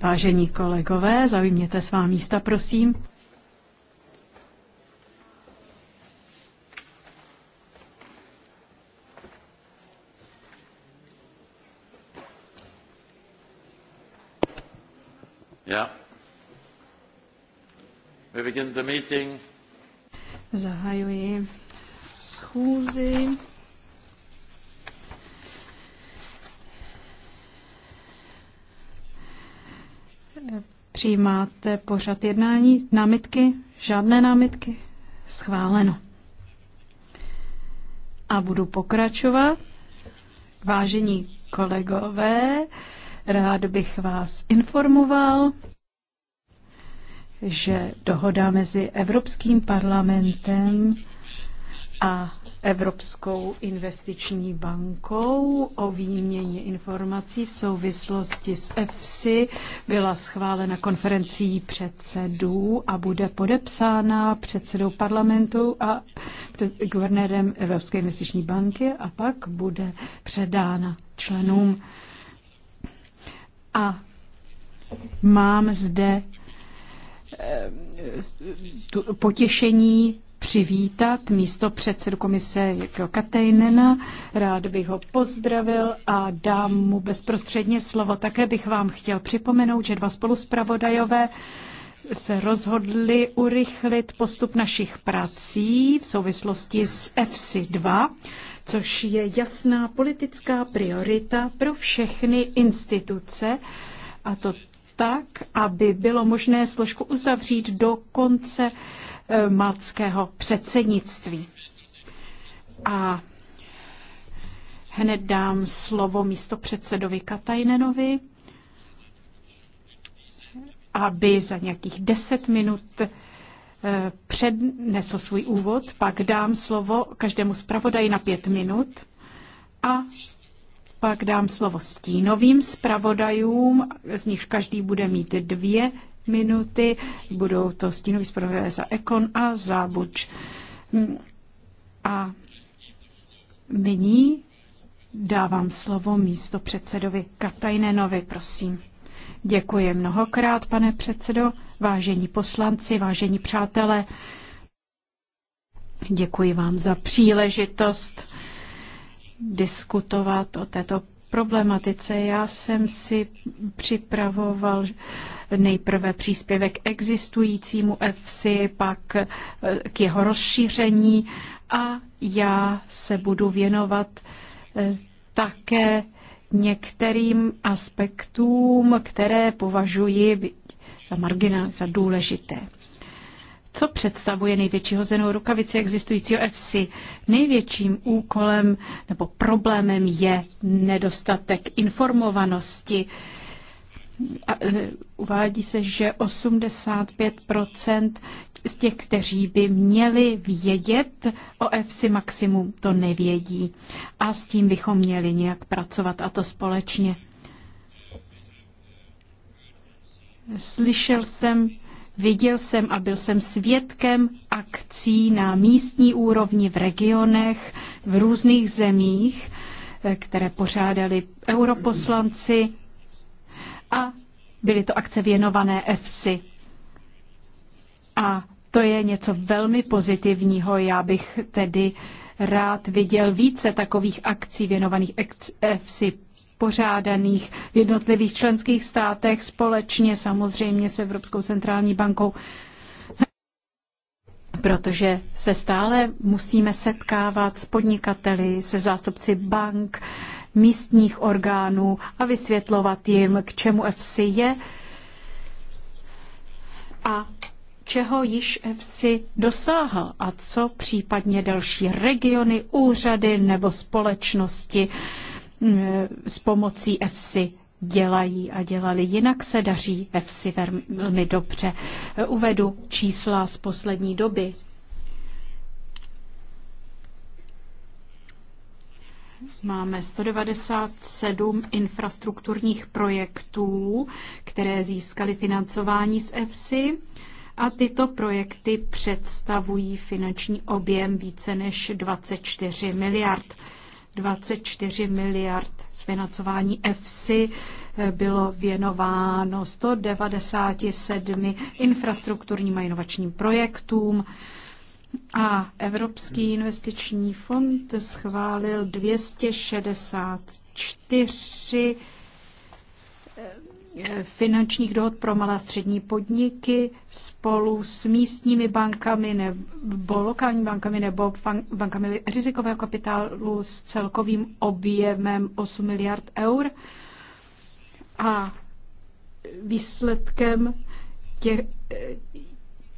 Vážení kolegové, zaujměte svá místa, prosím. Yeah. We begin the meeting. Zahajuji schůzi. Přijímáte pořad jednání? Námitky? Žádné námitky? Schváleno. A budu pokračovat. Vážení kolegové, rád bych vás informoval, že dohoda mezi Evropským parlamentem a Evropskou investiční bankou o výměně informací v souvislosti s EFSI byla schválena konferencí předsedů a bude podepsána předsedou parlamentu a před guvernérem Evropské investiční banky a pak bude předána členům. A mám zde eh, potěšení přivítat místo předsedu komise Jirka Katejnena. Rád bych ho pozdravil a dám mu bezprostředně slovo. Také bych vám chtěl připomenout, že dva spoluspravodajové se rozhodli urychlit postup našich prací v souvislosti s fc 2, což je jasná politická priorita pro všechny instituce, a to tak, aby bylo možné složku uzavřít do konce Eh, maltského předsednictví. A hned dám slovo místo předsedovi Katajnenovi, aby za nějakých deset minut eh, přednesl svůj úvod, pak dám slovo každému zpravodaji na pět minut a pak dám slovo stínovým zpravodajům, z nichž každý bude mít dvě minuty. Budou to stínový zpravodaj za Ekon a za Buč. A nyní dávám slovo místo předsedovi Katajnenovi, prosím. Děkuji mnohokrát, pane předsedo, vážení poslanci, vážení přátelé. Děkuji vám za příležitost diskutovat o této problematice. Já jsem si připravoval Nejprve příspěvek existujícímu EFSI, pak eh, k jeho rozšíření a já se budu věnovat eh, také některým aspektům, které považuji za marginál, za důležité. Co představuje největší hozenou rukavici existujícího FC? Největším úkolem nebo problémem je nedostatek informovanosti E, uvádí se, že 85 z těch, kteří by měli vědět o EFSI maximum, to nevědí. A s tím bychom měli nějak pracovat a to společně. Slyšel jsem, viděl jsem a byl jsem svědkem akcí na místní úrovni v regionech, v různých zemích, e, které pořádali europoslanci a byly to akce věnované EFSI. A to je něco velmi pozitivního. Já bych tedy rád viděl více takových akcí věnovaných EFSI pořádaných v jednotlivých členských státech společně samozřejmě s Evropskou centrální bankou, protože se stále musíme setkávat s podnikateli, se zástupci bank, místních orgánů a vysvětlovat jim, k čemu FC je a čeho již FC dosáhl a co případně další regiony, úřady nebo společnosti mm, s pomocí FC dělají a dělali. Jinak se daří EFSI velmi dobře. Uvedu čísla z poslední doby. Máme 197 infrastrukturních projektů, které získaly financování z EFSI a tyto projekty představují finanční objem více než 24 miliard. 24 miliard z financování EFSI eh, bylo věnováno 197 infrastrukturním a inovačním projektům. A Evropský investiční fond schválil 264 eh, finančních dohod pro malé střední podniky spolu s místními bankami nebo lokální bankami nebo bankami rizikového kapitálu s celkovým objemem 8 miliard eur. A výsledkem těch,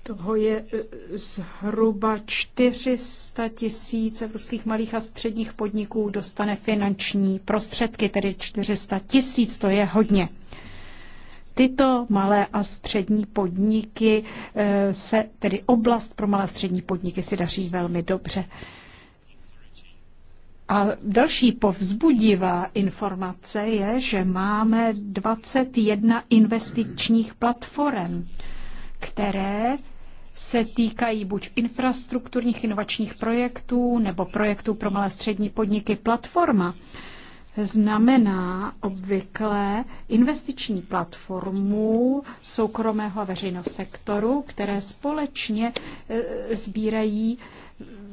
toho je e, zhruba 400 tisíc evropských malých a středních podniků dostane finanční prostředky, tedy 400 tisíc, to je hodně. Tyto malé a střední podniky e, se, tedy oblast pro malé a střední podniky si daří velmi dobře. A další povzbudivá informace je, že máme 21 investičních platform, které se týkají buď infrastrukturních inovačních projektů nebo projektů pro malé střední podniky platforma znamená obvykle investiční platformu soukromého a veřejného sektoru, které společně e, sbírají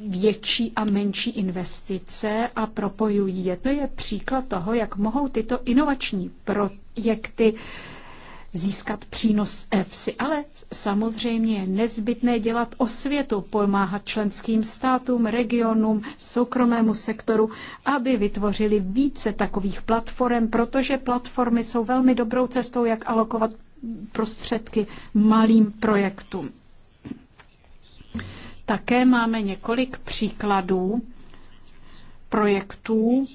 větší a menší investice a propojují je. To je příklad toho, jak mohou tyto inovační projekty získat přínos EFSI, ale samozřejmě je nezbytné dělat osvětu, pomáhat členským státům, regionům, soukromému sektoru, aby vytvořili více takových platform, protože platformy jsou velmi dobrou cestou, jak alokovat prostředky malým projektům. Také máme několik příkladů projektů,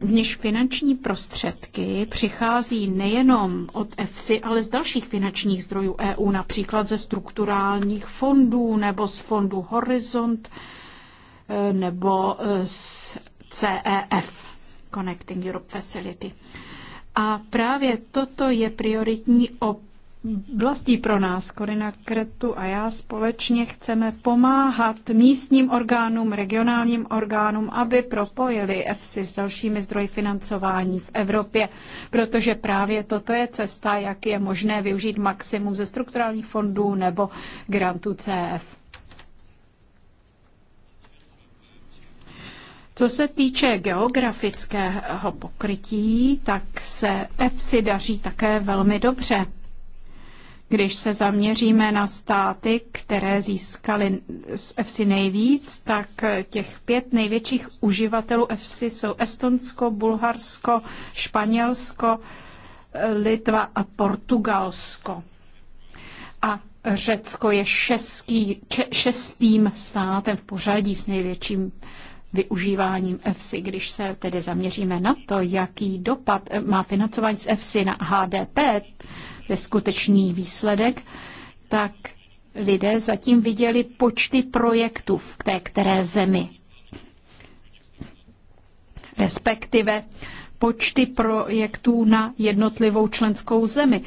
v níž finanční prostředky přichází nejenom od EFSI, ale z dalších finančních zdrojů EU, například ze strukturálních fondů nebo z fondu Horizont eh, nebo eh, z CEF, Connecting Europe Facility. A právě toto je prioritní vlastí pro nás. Korina Kretu a já společně chceme pomáhat místním orgánům, regionálním orgánům, aby propojili EFSI s dalšími zdroji financování v Evropě, protože právě toto je cesta, jak je možné využít maximum ze strukturálních fondů nebo grantů CF. Co se týče geografického pokrytí, tak se EFSI daří také velmi dobře. Když se zaměříme na státy, které získaly z EFSI nejvíc, tak těch pět největších uživatelů EFSI jsou Estonsko, Bulharsko, Španělsko, Litva a Portugalsko. A Řecko je šestý, šestým státem v pořadí s největším využíváním EFSI. Když se tedy zaměříme na to, jaký dopad má financování z EFSI na HDP, je skutečný výsledek, tak lidé zatím viděli počty projektů v té které zemi. Respektive počty projektů na jednotlivou členskou zemi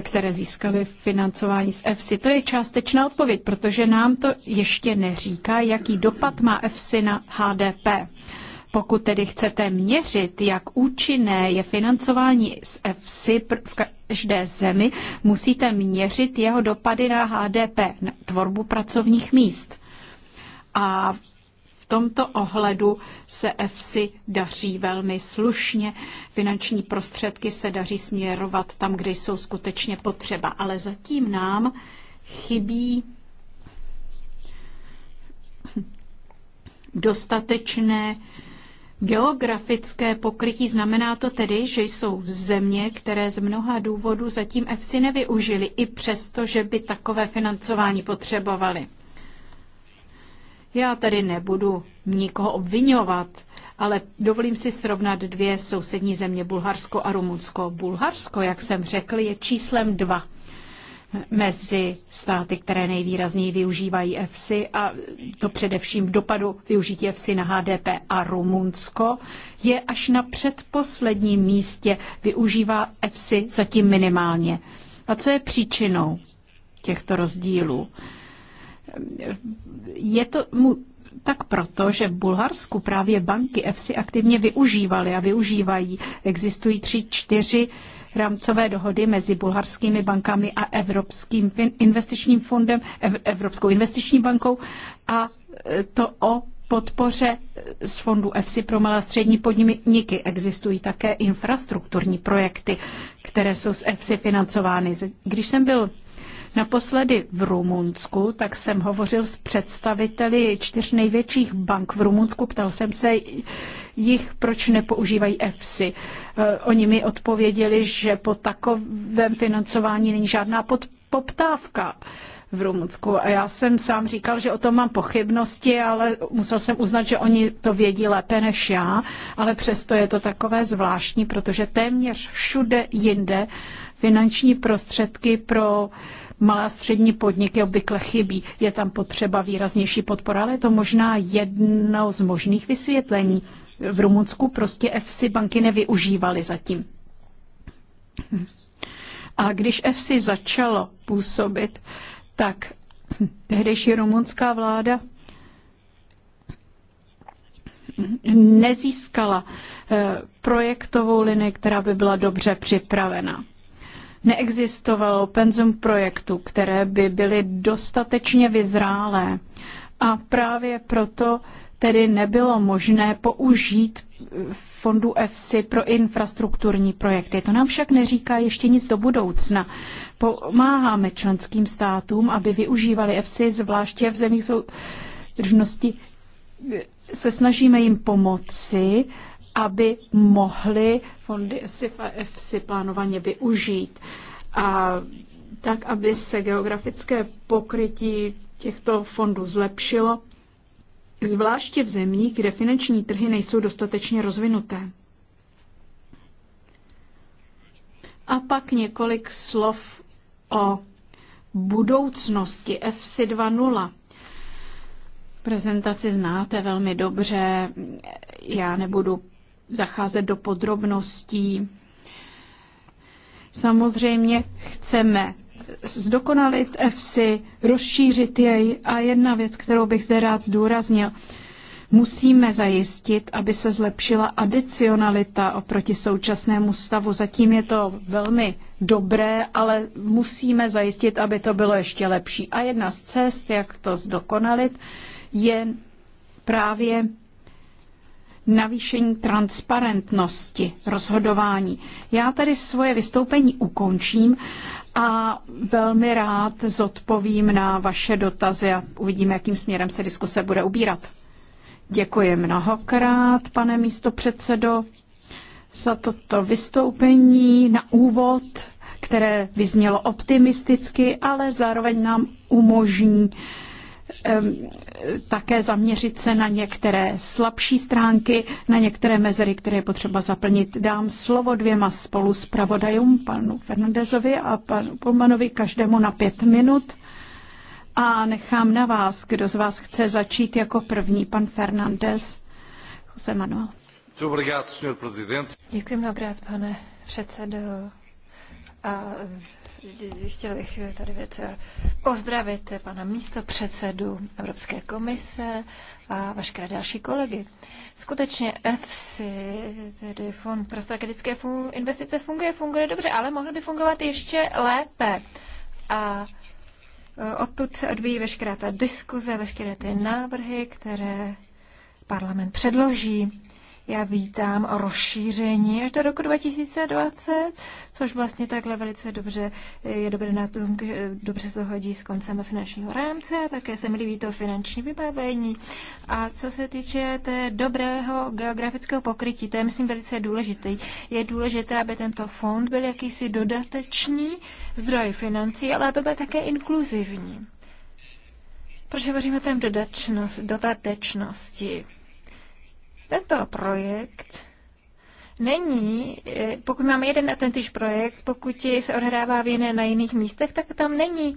které získaly financování z EFSI. To je částečná odpověď, protože nám to ještě neříká, jaký dopad má EFSI na HDP. Pokud tedy chcete měřit, jak účinné je financování z EFSI v každé zemi, musíte měřit jeho dopady na HDP, na tvorbu pracovních míst. A v tomto ohledu se EFSI daří velmi slušně. Finanční prostředky se daří směrovat tam, kde jsou skutečně potřeba. Ale zatím nám chybí dostatečné Geografické pokrytí znamená to tedy, že jsou země, které z mnoha důvodů zatím EFSI nevyužili, i přesto, že by takové financování potřebovali. Já tady nebudu nikoho obvinovat, ale dovolím si srovnat dvě sousední země, Bulharsko a Rumunsko. Bulharsko, jak jsem řekl, je číslem dva mezi státy, které nejvýrazněji využívají EFSI a to především v dopadu využití EFSI na HDP a Rumunsko je až na předposledním místě, využívá EFSI zatím minimálně. A co je příčinou těchto rozdílů? Je to mu tak proto, že v Bulharsku právě banky EFSI aktivně využívaly a využívají. Existují tři, čtyři rámcové dohody mezi bulharskými bankami a Evropským investičním fondem, Evropskou investiční bankou a e, to o podpoře z fondu EFSI pro malé a střední podniky. Existují také infrastrukturní projekty, které jsou z EFSI financovány. Když jsem byl Naposledy v Rumunsku, tak jsem hovořil s představiteli čtyř největších bank v Rumunsku. Ptal jsem se jich, proč nepoužívají EFSI. Eh, oni mi odpověděli, že po takovém financování není žádná poptávka v Rumunsku. A já jsem sám říkal, že o tom mám pochybnosti, ale musel jsem uznat, že oni to vědí lépe než já, ale přesto je to takové zvláštní, protože téměř všude jinde finanční prostředky pro malá střední podniky obvykle chybí. Je tam potřeba výraznější podpora, ale je to možná jedno z možných vysvětlení v Rumunsku prostě EFSI banky nevyužívaly zatím. A když EFSI začalo působit, tak tehdejší rumunská vláda nezískala eh, projektovou linii, která by byla dobře připravena. Neexistovalo penzum projektů, které by byly dostatečně vyzrálé. A právě proto tedy nebylo možné použít fondu EFSI pro infrastrukturní projekty. To nám však neříká ještě nic do budoucna. Pomáháme členským státům, aby využívali EFSI, zvláště v zemích soudržnosti. Se snažíme jim pomoci, aby mohli fondy EFSI plánovaně využít. A tak, aby se geografické pokrytí těchto fondů zlepšilo, zvláště v zemích, kde finanční trhy nejsou dostatečně rozvinuté. A pak několik slov o budoucnosti FC 2.0. Prezentaci znáte velmi dobře, já nebudu zacházet do podrobností. Samozřejmě chceme zdokonalit EFSI, rozšířit jej a jedna věc, kterou bych zde rád zdůraznil. Musíme zajistit, aby se zlepšila adicionalita oproti současnému stavu. Zatím je to velmi dobré, ale musíme zajistit, aby to bylo ještě lepší. A jedna z cest, jak to zdokonalit, je právě navýšení transparentnosti rozhodování. Já tady svoje vystoupení ukončím a velmi rád zodpovím na vaše dotazy a uvidíme, jakým směrem se diskuse bude ubírat. Děkuji mnohokrát, pane místopředsedo, za toto vystoupení na úvod, které vyznělo optimisticky, ale zároveň nám umožní uh, Ehm, také zaměřit se na některé slabší stránky, na některé mezery, které je potřeba zaplnit. Dám slovo dvěma spolu s pravodajům, panu Fernandezovi a panu Pulmanovi, každému na pět minut. A nechám na vás, kdo z vás chce začít jako první, pan Fernandez. Jose Manuel. Děkuji mnohokrát, pane předsedo. A chtěl bych tady věce eh, pozdravit pana místopředsedu Evropské komise a veškeré další kolegy. Skutečně EFSI, tedy Fond pro strategické investice, funguje, funguje dobře, ale mohl by fungovat ještě lépe. A eh, odtud se odvíjí veškerá ta diskuze, veškeré ty návrhy, které parlament předloží. Já vítám rozšíření až do roku 2020, což vlastně takhle velice dobře eh, je dobré na tom, eh, dobře se hodí s koncem finančního rámce, také se mi líbí to finanční vybavení. A co se týče té dobrého geografického pokrytí, to je myslím velice důležité. Je důležité, aby tento fond byl jakýsi dodatečný zdroj financí, ale aby byl také inkluzivní. Proč hovoříme o tom dodatečnosti? Tento projekt není, eh, pokud máme jeden a tentýž projekt, pokud se odhrává v jiné na jiných místech, tak tam není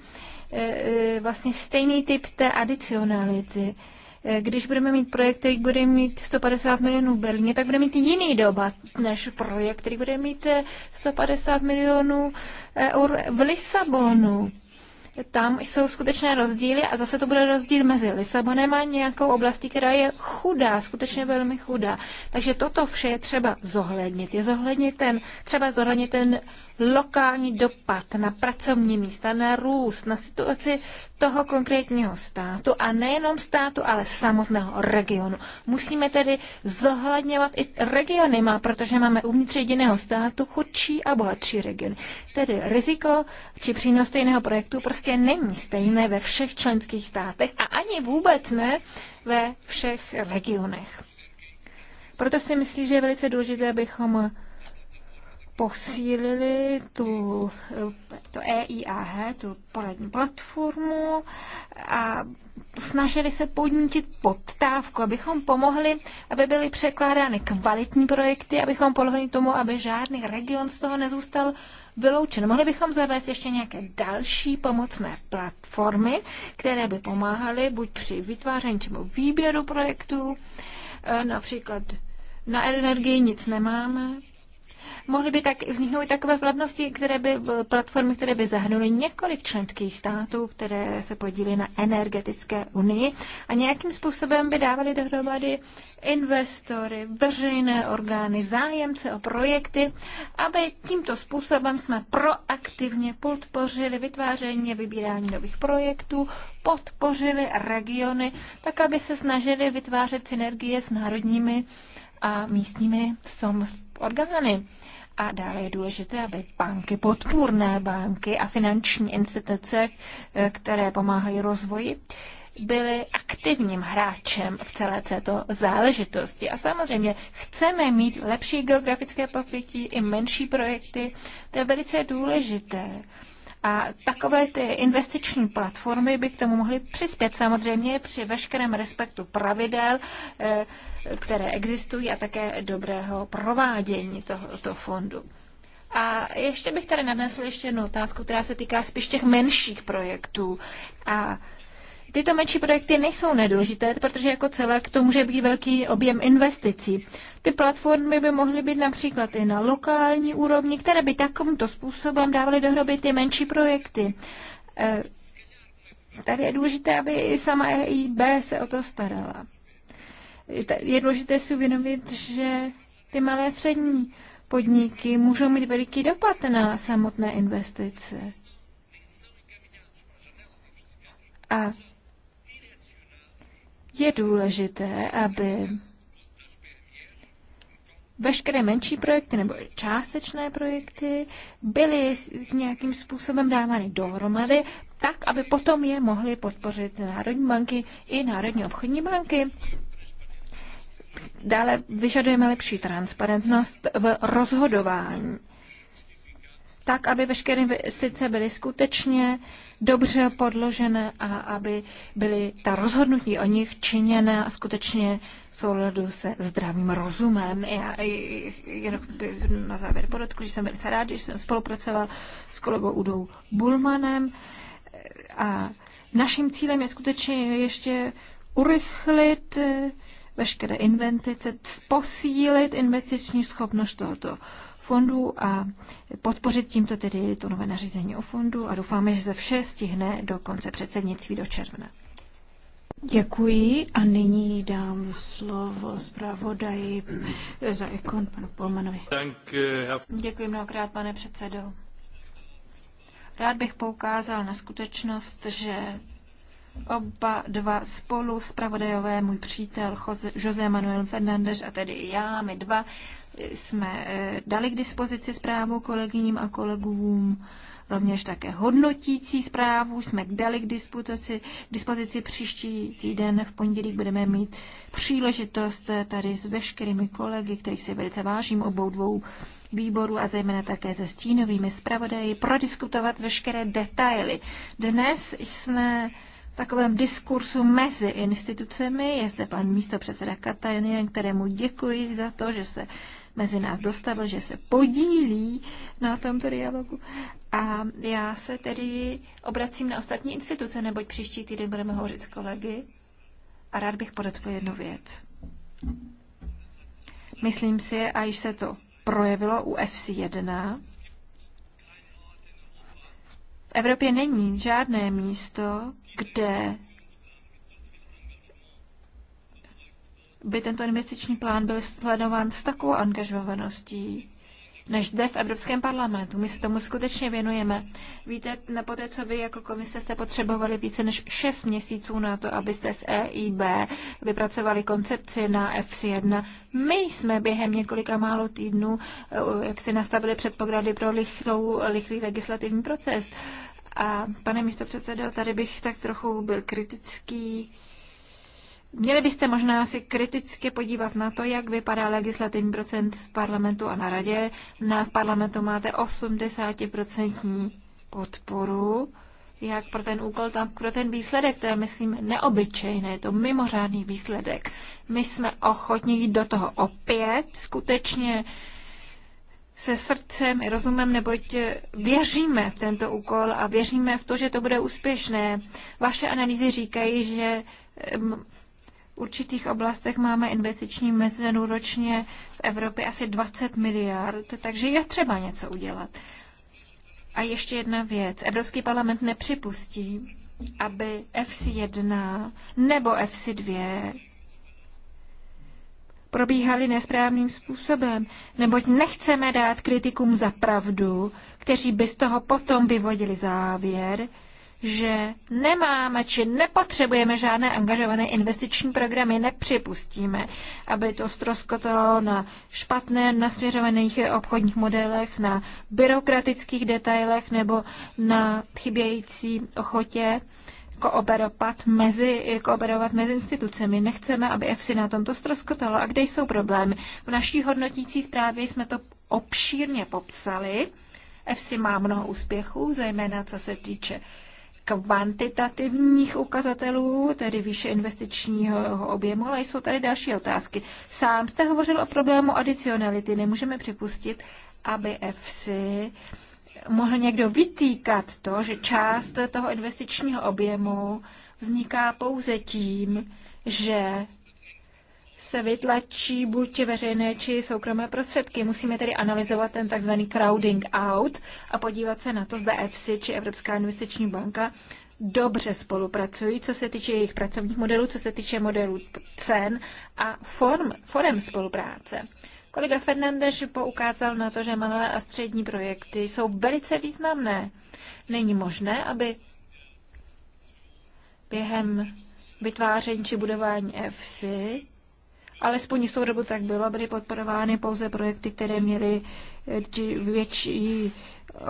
eh, eh, vlastně stejný typ té adicionality. Když budeme mít projekt, který bude mít 150 milionů v Berlíně, tak bude mít jiný doba než projekt, který bude mít 150 milionů eur v Lisabonu tam jsou skutečné rozdíly a zase to bude rozdíl mezi Lisabonem a nějakou oblastí, která je chudá, skutečně velmi chudá. Takže toto vše je třeba zohlednit. Je zohlednit ten, třeba zohlednit ten lokální dopad na pracovní místa, na růst, na situaci toho konkrétního státu a nejenom státu, ale samotného regionu. Musíme tedy zohledňovat i regiony, má, protože máme uvnitř jediného státu chudší a bohatší regiony. Tedy riziko či přínos stejného projektu prostě není stejné ve všech členských státech a ani vůbec ne ve všech regionech. Proto si myslím, že je velice důležité, abychom posílili tu, to EIAH, tu poradní platformu a snažili se podnítit poptávku, abychom pomohli, aby byly překládány kvalitní projekty, abychom pomohli tomu, aby žádný region z toho nezůstal vyloučen. Mohli bychom zavést ještě nějaké další pomocné platformy, které by pomáhaly buď při vytváření čemu výběru projektů, eh, například na energii nic nemáme, Mohly by tak vzniknout i takové platnosti, které by, platformy, které by zahrnuly několik členských států, které se podílí na energetické unii a nějakým způsobem by dávaly dohromady investory, veřejné orgány, zájemce o projekty, aby tímto způsobem jsme proaktivně podpořili vytváření a vybírání nových projektů, podpořili regiony, tak aby se snažili vytvářet synergie s národními a místními samozprávami orgány. A dále je důležité, aby banky, podpůrné banky a finanční instituce, eh, které pomáhají rozvoji, byly aktivním hráčem v celé této záležitosti. A samozřejmě chceme mít lepší geografické pokrytí i menší projekty. To je velice důležité. A takové ty investiční platformy by k tomu mohly přispět samozřejmě při veškerém respektu pravidel, eh, které existují a také dobrého provádění tohoto fondu. A ještě bych tady nadnesl ještě jednu otázku, která se týká spíš těch menších projektů. A Tyto menší projekty nejsou nedůležité, protože jako celek to může být velký objem investicí. Ty platformy by mohly být například i na lokální úrovni, které by takovýmto způsobem dávaly dohromady ty menší projekty. E, tady je důležité, aby i sama EIB se o to starala. Je důležité si uvědomit, že ty malé střední podniky můžou mít veliký dopad na samotné investice. A je důležité, aby veškeré menší projekty nebo částečné projekty byly s nějakým způsobem dávány dohromady, tak, aby potom je mohly podpořit národní banky i národní obchodní banky. Dále vyžadujeme lepší transparentnost v rozhodování, tak, aby veškeré investice byly skutečně dobře podložené a aby byly ta rozhodnutí o nich činěna skutečně v souladu se zdravým rozumem. Já jenom na závěr podotkl, že jsem velice rád, že jsem spolupracoval s kolegou Udou Bulmanem a naším cílem je skutečně ještě urychlit eh, veškeré investice, posílit investiční schopnost tohoto fondů a podpořit tímto tedy to nové nařízení o fondu a doufáme, že se vše stihne do konce předsednictví do června. Děkuji a nyní dám slovo zpravodaji za ikon panu Polmanovi. Děkuji mnohokrát, pane předsedo. Rád bych poukázal na skutečnost, že oba dva spolu, zpravodajové, můj přítel Jose Manuel Fernandez a tedy já, my dva, jsme eh, dali k dispozici zprávu kolegyním a kolegům, rovněž také hodnotící zprávu jsme dali k dispozici, k dispozici příští týden v pondělí budeme mít příležitost eh, tady s veškerými kolegy, kterých si velice vážím obou dvou výboru a zejména také se stínovými zpravodaji prodiskutovat veškeré detaily. Dnes jsme takovém diskursu mezi institucemi. Je zde pan místo předseda Katajnien, kterému děkuji za to, že se mezi nás dostavil, že se podílí na tomto dialogu. A já se tedy obracím na ostatní instituce, neboť příští týden budeme hovořit s kolegy. A rád bych podotkl jednu věc. Myslím si, a již se to projevilo u FC1, v Evropě není žádné místo, kde by tento investiční plán byl sledován s takovou angažovaností, než zde v Evropském parlamentu. My se tomu skutečně věnujeme. Víte, na poté, co vy jako komise jste potřebovali více než 6 měsíců na to, abyste z EIB vypracovali koncepci na FC1, my jsme během několika málo týdnů eh, jak si nastavili předpoklady pro lichlou, lichlý legislativní proces. A pane místo předsedo, tady bych tak trochu byl kritický Měli byste možná si kriticky podívat na to, jak vypadá legislativní procent v parlamentu a na radě. Na v parlamentu máte 80% podporu, jak pro ten úkol, tam pro ten výsledek. To je, myslím, neobyčejné, je to mimořádný výsledek. My jsme ochotní jít do toho opět, skutečně se srdcem i rozumem, neboť věříme v tento úkol a věříme v to, že to bude úspěšné. Vaše analýzy říkají, že určitých oblastech máme investiční mezenu ročně v Evropě asi 20 miliard, takže je třeba něco udělat. A ještě jedna věc. Evropský parlament nepřipustí, aby FC1 nebo FC2 probíhaly nesprávným způsobem, neboť nechceme dát kritikům za pravdu, kteří by z toho potom vyvodili závěr, že nemáme či nepotřebujeme žádné angažované investiční programy, nepřipustíme, aby to stroskotalo na špatné nasměřovaných obchodních modelech, na byrokratických detailech nebo na chybějící ochotě kooperovat mezi, kooperovat mezi institucemi. Nechceme, aby EFSI na tomto stroskotalo. A kde jsou problémy? V naší hodnotící zprávě jsme to obšírně popsali. EFSI má mnoho úspěchů, zejména co se týče kvantitativních ukazatelů, tedy výše investičního objemu, ale jsou tady další otázky. Sám jste hovořil o problému adicionality. Nemůžeme připustit, aby EFSI mohl někdo vytýkat to, že část toho investičního objemu vzniká pouze tím, že se vytlačí buď veřejné či soukromé prostředky. Musíme tedy analyzovat ten tzv. crowding out a podívat se na to, zda EFSI či Evropská investiční banka dobře spolupracují, co se týče jejich pracovních modelů, co se týče modelů cen a form, forem spolupráce. Kolega Fernandeš poukázal na to, že malé a střední projekty jsou velice významné. Není možné, aby během vytváření či budování EFSI alespoň s tou dobu tak bylo, byly podporovány pouze projekty, které měly eh, větší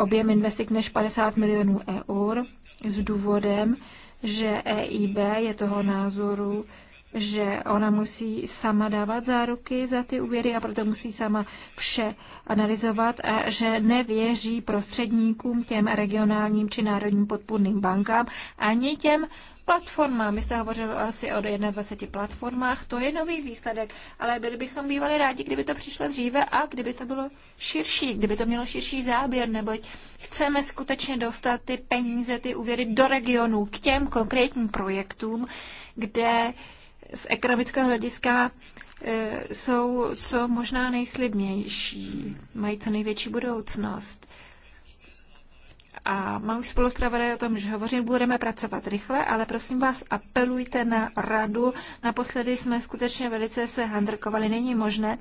objem investic než 50 milionů eur s důvodem, že EIB je toho názoru, že ona musí sama dávat záruky za ty úvěry a proto musí sama vše analyzovat a že nevěří prostředníkům, těm regionálním či národním podpůrným bankám, ani těm Platforma, my jste hovořil asi o 21 platformách, to je nový výsledek, ale byli bychom bývali rádi, kdyby to přišlo dříve a kdyby to bylo širší, kdyby to mělo širší záběr, neboť chceme skutečně dostat ty peníze, ty úvěry do regionů, k těm konkrétním projektům, kde z ekonomického hlediska e, jsou co možná nejslibnější, mají co největší budoucnost a mám spoluzpravodaje o tom, že hovořím, budeme pracovat rychle, ale prosím vás, apelujte na radu. Naposledy jsme skutečně velice se handrkovali. Není možné,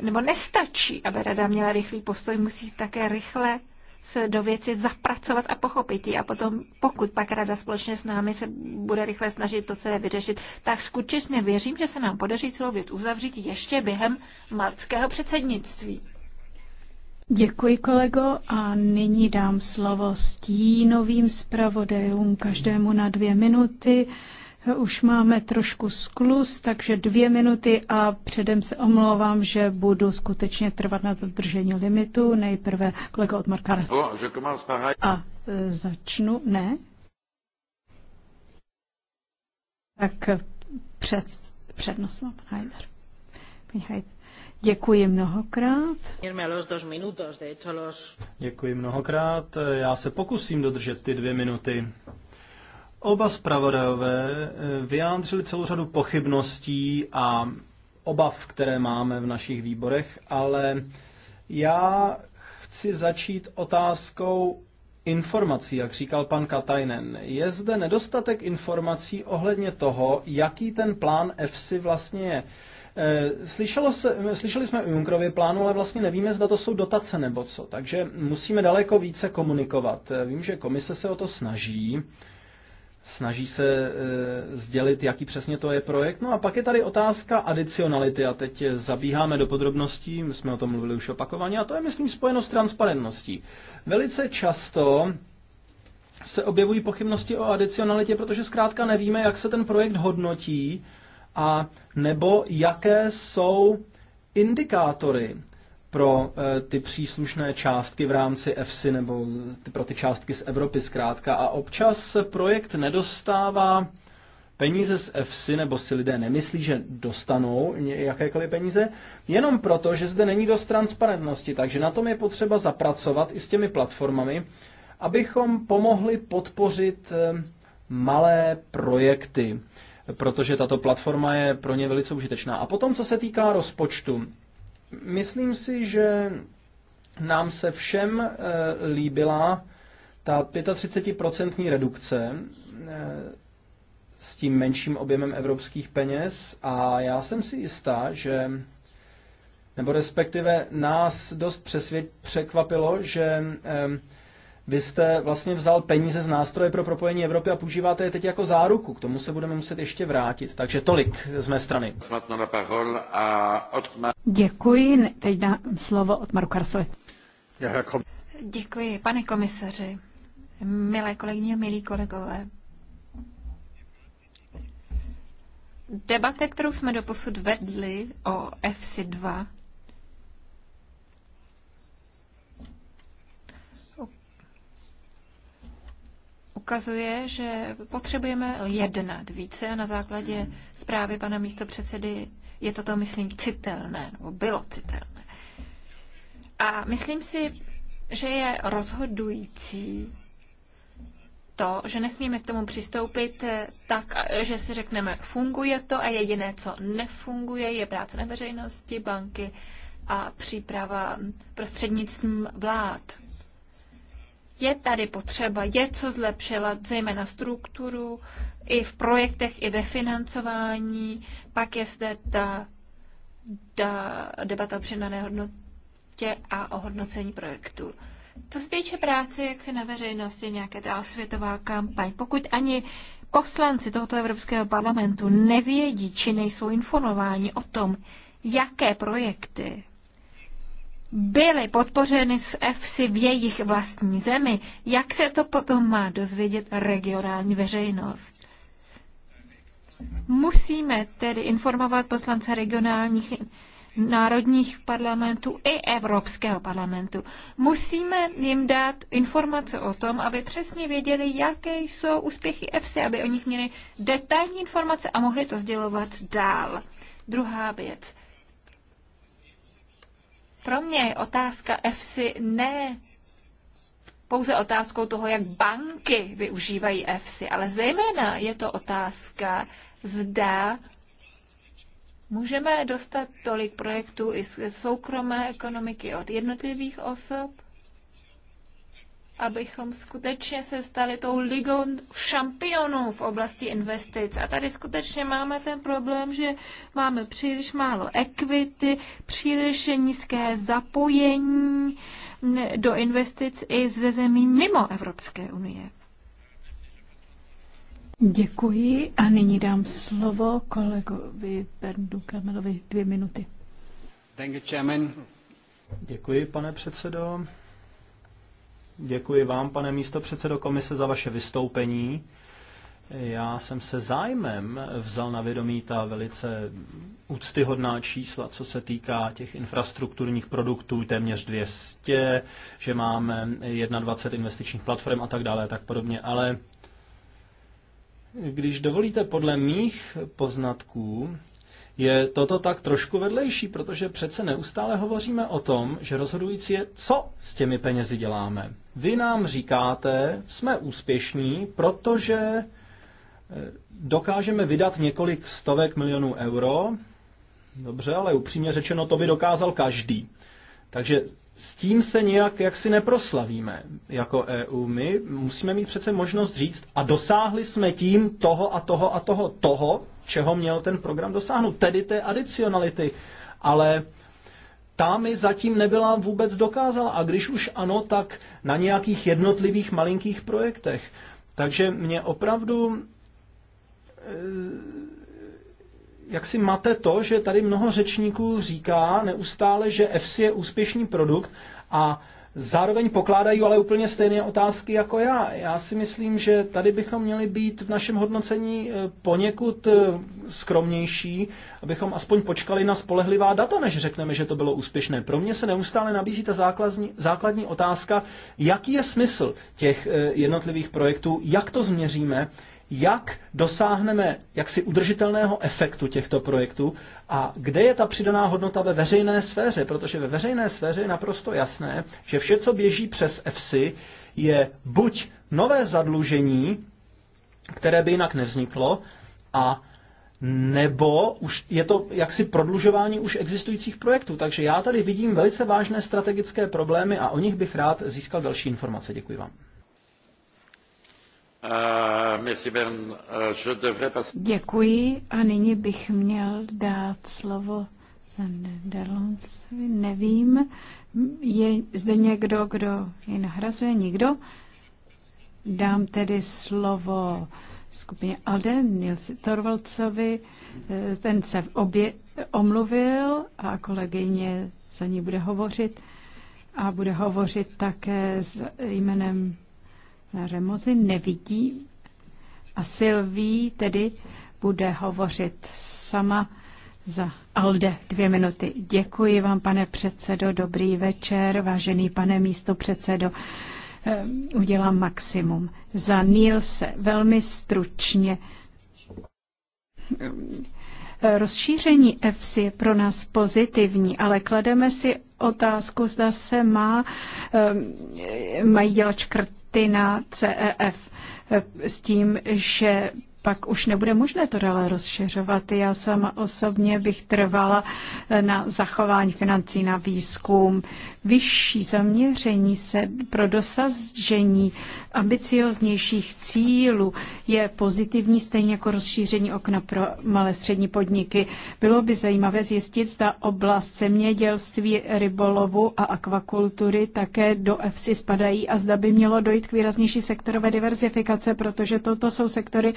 nebo nestačí, aby rada měla rychlý postoj, musí také rychle se do věci zapracovat a pochopit ji. A potom, pokud pak rada společně s námi se bude rychle snažit to celé vyřešit, tak skutečně věřím, že se nám podaří celou věc uzavřít ještě během maltského předsednictví. Děkuji, kolego, a nyní dám slovo stínovým zpravodajům, každému na dvě minuty. Už máme trošku sklus, takže dvě minuty a předem se omlouvám, že budu skutečně trvat na dodržení limitu. Nejprve kolega od Marka A e, začnu, ne? Tak před, přednost má pan Heider. Pani Heider. Děkuji mnohokrát. Děkuji mnohokrát. Já se pokusím dodržet ty dvě minuty. Oba zpravodajové eh, vyjádřili celou řadu pochybností a obav, které máme v našich výborech, ale já chci začít otázkou informací, jak říkal pan Katajnen. Je zde nedostatek informací ohledně toho, jaký ten plán EFSI vlastně je. Eh, slyšelo se, slyšeli jsme o Junkrově plánu, ale vlastně nevíme, zda to jsou dotace nebo co. Takže musíme daleko více komunikovat. Eh, vím, že komise se o to snaží. Snaží se eh, sdělit, jaký přesně to je projekt. No a pak je tady otázka adicionality a teď zabíháme do podrobností, my jsme o tom mluvili už opakovaně, a to je, myslím, spojeno s transparentností. Velice často se objevují pochybnosti o adicionalitě, protože zkrátka nevíme, jak se ten projekt hodnotí, a nebo jaké jsou indikátory pro eh, ty příslušné částky v rámci EFSI nebo pro ty částky z Evropy zkrátka. A občas projekt nedostává peníze z EFSI, nebo si lidé nemyslí, že dostanou jakékoliv peníze, jenom proto, že zde není dost transparentnosti. Takže na tom je potřeba zapracovat i s těmi platformami, abychom pomohli podpořit eh, malé projekty protože tato platforma je pro ně velice užitečná. A potom, co se týká rozpočtu, myslím si, že nám se všem eh, líbila ta 35% redukce eh, s tím menším objemem evropských peněz a já jsem si jistá, že nebo respektive nás dost překvapilo, že eh, vy jste vlastně vzal peníze z nástroje pro propojení Evropy a používáte je teď jako záruku. K tomu se budeme muset ještě vrátit. Takže tolik z mé strany. Děkuji. Teď dám slovo od Maru Karsovi. Děkuji, pane komisaři. Milé kolegyně, milí kolegové. Debate, kterou jsme doposud vedli o FC2, ukazuje, že potřebujeme jednat více a na základě zprávy pana předsedy je toto, myslím, citelné, nebo bylo citelné. A myslím si, že je rozhodující to, že nesmíme k tomu přistoupit tak, že si řekneme, funguje to a jediné, co nefunguje, je práce na veřejnosti, banky a příprava prostřednictvím vlád je tady potřeba, je co zlepšovat, zejména strukturu, i v projektech, i ve financování. Pak je zde ta, ta debata o přidané hodnotě a o hodnocení projektu. Co se týče práce, jak se na veřejnosti nějaké ta světová kampaň, pokud ani poslanci tohoto Evropského parlamentu nevědí, či nejsou informováni o tom, jaké projekty byly podpořeny z EFSI v jejich vlastní zemi, jak se to potom má dozvědět regionální veřejnost? Musíme tedy informovat poslance regionálních národních parlamentů i Evropského parlamentu. Musíme jim dát informace o tom, aby přesně věděli, jaké jsou úspěchy EFSI, aby o nich měli detailní informace a mohli to sdělovat dál. Druhá věc. Pro mě je otázka EFSI ne pouze otázkou toho, jak banky využívají EFSI, ale zejména je to otázka, zda můžeme dostat tolik projektů i z soukromé ekonomiky od jednotlivých osob, abychom skutečně se stali tou ligou šampionů v oblasti investic. A tady skutečně máme ten problém, že máme příliš málo equity, příliš nízké zapojení do investic i ze zemí mimo Evropské unie. Děkuji a nyní dám slovo kolegovi Berndu Kamelovi dvě minuty. Děkuji, pane předsedo. Děkuji vám, pane místo předsedo komise, za vaše vystoupení. Já jsem se zájmem vzal na vědomí ta velice úctyhodná čísla, co se týká těch infrastrukturních produktů, téměř 200, že máme 21 investičních platform a tak dále, tak podobně. Ale když dovolíte, podle mých poznatků je toto tak trošku vedlejší, protože přece neustále hovoříme o tom, že rozhodující je, co s těmi penězi děláme. Vy nám říkáte, jsme úspěšní, protože eh, dokážeme vydat několik stovek milionů euro. Dobře, ale upřímně řečeno, to by dokázal každý. Takže s tím se nějak jaksi neproslavíme jako EU. My musíme mít přece možnost říct a dosáhli jsme tím toho a toho a toho, toho, čeho měl ten program dosáhnout, tedy té adicionality. Ale ta mi zatím nebyla vůbec dokázala. A když už ano, tak na nějakých jednotlivých malinkých projektech. Takže mě opravdu e, jak si máte to, že tady mnoho řečníků říká neustále, že FC je úspěšný produkt a zároveň pokládají ale úplně stejné otázky jako já. Já si myslím, že tady bychom měli být v našem hodnocení eh, poněkud eh, skromnější, abychom aspoň počkali na spolehlivá data, než řekneme, že to bylo úspěšné. Pro mě se neustále nabízí ta základní, základní otázka, jaký je smysl těch eh, jednotlivých projektů, jak to změříme jak dosáhneme jaksi udržitelného efektu těchto projektů a kde je ta přidaná hodnota ve veřejné sféře, protože ve veřejné sféře je naprosto jasné, že vše, co běží přes EFSI, je buď nové zadlužení, které by jinak nevzniklo, a nebo už je to jaksi prodlužování už existujících projektů. Takže já tady vidím velice vážné strategické problémy a o nich bych rád získal další informace. Děkuji vám. Eh, eh, Děkuji a nyní bych měl dát slovo Delonsovi. Nevím, je zde někdo, kdo je nahrazuje? Nikdo? Dám tedy slovo skupině Alde Nilsi Torvalcovi. Eh, ten se obě, omluvil a kolegyně za ní bude hovořit a bude hovořit také s jménem Remozy nevidí a Silví tedy bude hovořit sama za Alde dvě minuty. Děkuji vám, pane předsedo, dobrý večer, vážený pane místo předsedo. Eh, udělám maximum. Za Nielse velmi stručně. Eh, rozšíření EFSI je pro nás pozitivní, ale klademe si otázku, zda se má, eh, mají dělat škrty ty na CEF eh, s tím, že pak už nebude možné to dále rozšiřovat. Já sama osobně bych trvala eh, na zachování financí na výzkum. Vyšší zaměření se pro dosažení ambicioznějších cílů je pozitivní, stejně jako rozšíření okna pro malé střední podniky. Bylo by zajímavé zjistit, zda oblast zemědělství, rybolovu a akvakultury také do EFSI spadají a zda by mělo dojít k výraznější sektorové diverzifikace, protože toto jsou sektory,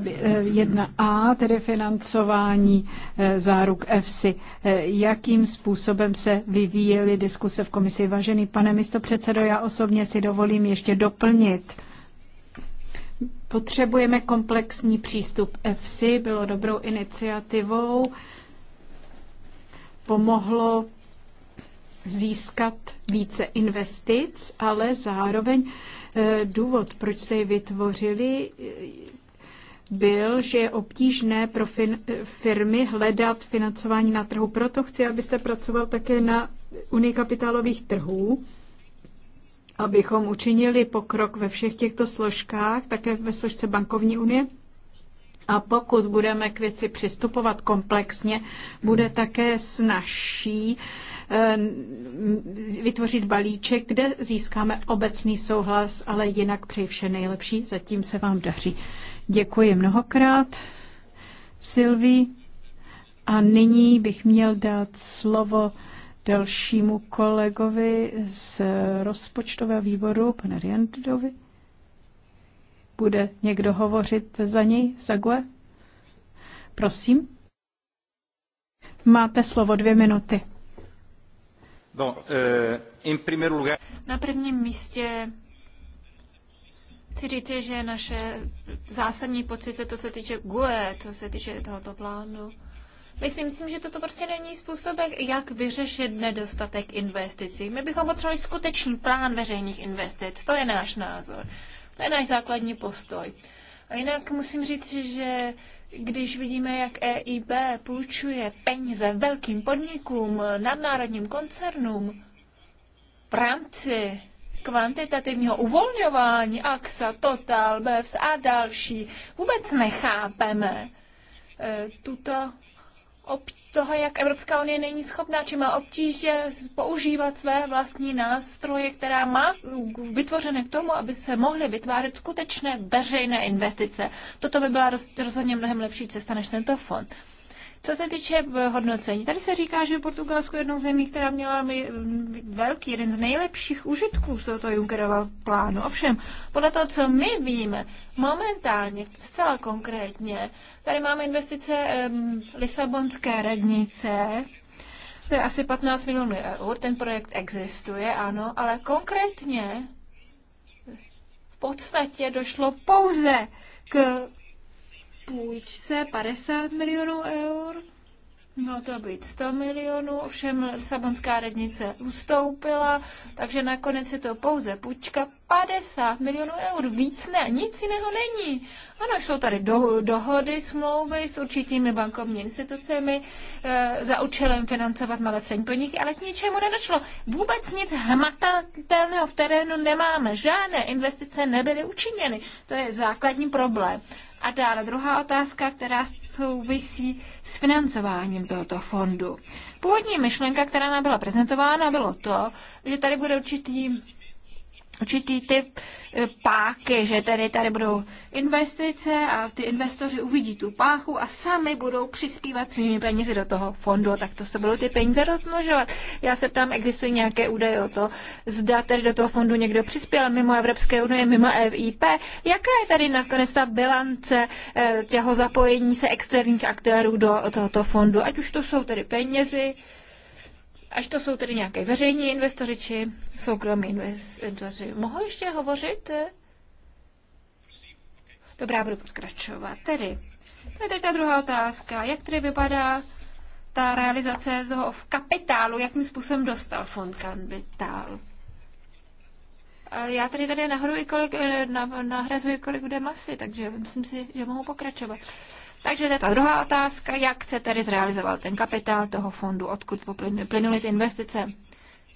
by eh, jedna a tedy financování eh, záruk EFSI. Eh, jakým způsobem se vyvíjely diskuse v komisi? Vážený pane místopředsedo, já osobně si dovolím ještě doplnit. Potřebujeme komplexní přístup EFSI, bylo dobrou iniciativou, pomohlo získat více investic, ale zároveň důvod, proč jste ji vytvořili, byl, že je obtížné pro fin- firmy hledat financování na trhu. Proto chci, abyste pracoval také na Unii kapitálových trhů, abychom učinili pokrok ve všech těchto složkách, také ve složce bankovní unie. A pokud budeme k věci přistupovat komplexně, bude také snažší Eh, vytvořit balíček, kde získáme obecný souhlas, ale jinak přeji vše nejlepší. Zatím se vám daří. Děkuji mnohokrát, Silvi. A nyní bych měl dát slovo dalšímu kolegovi z rozpočtového výboru, pane Riandovi. Bude někdo hovořit za něj, za GUE? Prosím. Máte slovo dvě minuty. No, eh, Na prvním místě chci říct, že naše zásadní pocity, to se týče GUE, co se týče tohoto plánu, Myslím si, že toto prostě není způsob, jak vyřešit nedostatek investicí. My bychom potřebovali skutečný plán veřejných investic. To je náš názor. To je náš základní postoj. A jinak musím říct, že když vidíme, jak EIB půjčuje peníze velkým podnikům, nadnárodním koncernům, v rámci kvantitativního uvolňování AXA, Total, BEFS a další, vůbec nechápeme eh, tuto toho, jak Evropská unie není schopná, či má obtíže používat své vlastní nástroje, která má vytvořené k tomu, aby se mohly vytvářet skutečné veřejné investice. Toto by byla rozhodně mnohem lepší cesta než tento fond. Co se týče eh, hodnocení, tady se říká, že Portugalsko je jednou zemí, která měla mm, velký, jeden z nejlepších užitků z tohoto Junckerova plánu. Ovšem, podle toho, co my víme, momentálně, zcela konkrétně, tady máme investice um, Lisabonské radnice, to je asi 15 milionů eur, ten projekt existuje, ano, ale konkrétně v podstatě došlo pouze k půjčce 50 milionů eur, Mělo to být 100 milionů, ovšem Sabonská radnice ustoupila, takže nakonec je to pouze půjčka 50 milionů eur, víc ne, nic jiného není. Ano, šlo tady do, dohody, smlouvy s určitými bankovními institucemi e, za účelem financovat malé střední podniky, ale k ničemu nedošlo. Vůbec nic hmatatelného v terénu nemáme, žádné investice nebyly učiněny. To je základní problém. A dále druhá otázka, která souvisí s financováním tohoto fondu. Původní myšlenka, která nám byla prezentována, bylo to, že tady bude určitý určitý typ eh, páky, že tedy tady budou investice a ty investoři uvidí tu páchu a sami budou přispívat svými penězi do toho fondu, tak to se budou ty peníze rozmnožovat. Já se tam existují nějaké údaje o to, zda tedy do toho fondu někdo přispěl mimo Evropské unie, mimo EIP, jaká je tady nakonec ta bilance eh, těho zapojení se externích aktérů do tohoto fondu, ať už to jsou tedy penězi, Až to jsou tedy nějaké veřejní investoři či soukromí investoři. Mohu ještě hovořit? Dobrá, budu pokračovat. Tedy, to je tedy ta druhá otázka. Jak tedy vypadá ta realizace toho v kapitálu? Jakým způsobem dostal fond kapitál? Já tady tady eh, nahrazuji bude masy. takže myslím si, že mohu pokračovat. Takže to je ta druhá otázka, jak se tedy zrealizoval ten kapitál toho fondu, odkud plynuly ty investice,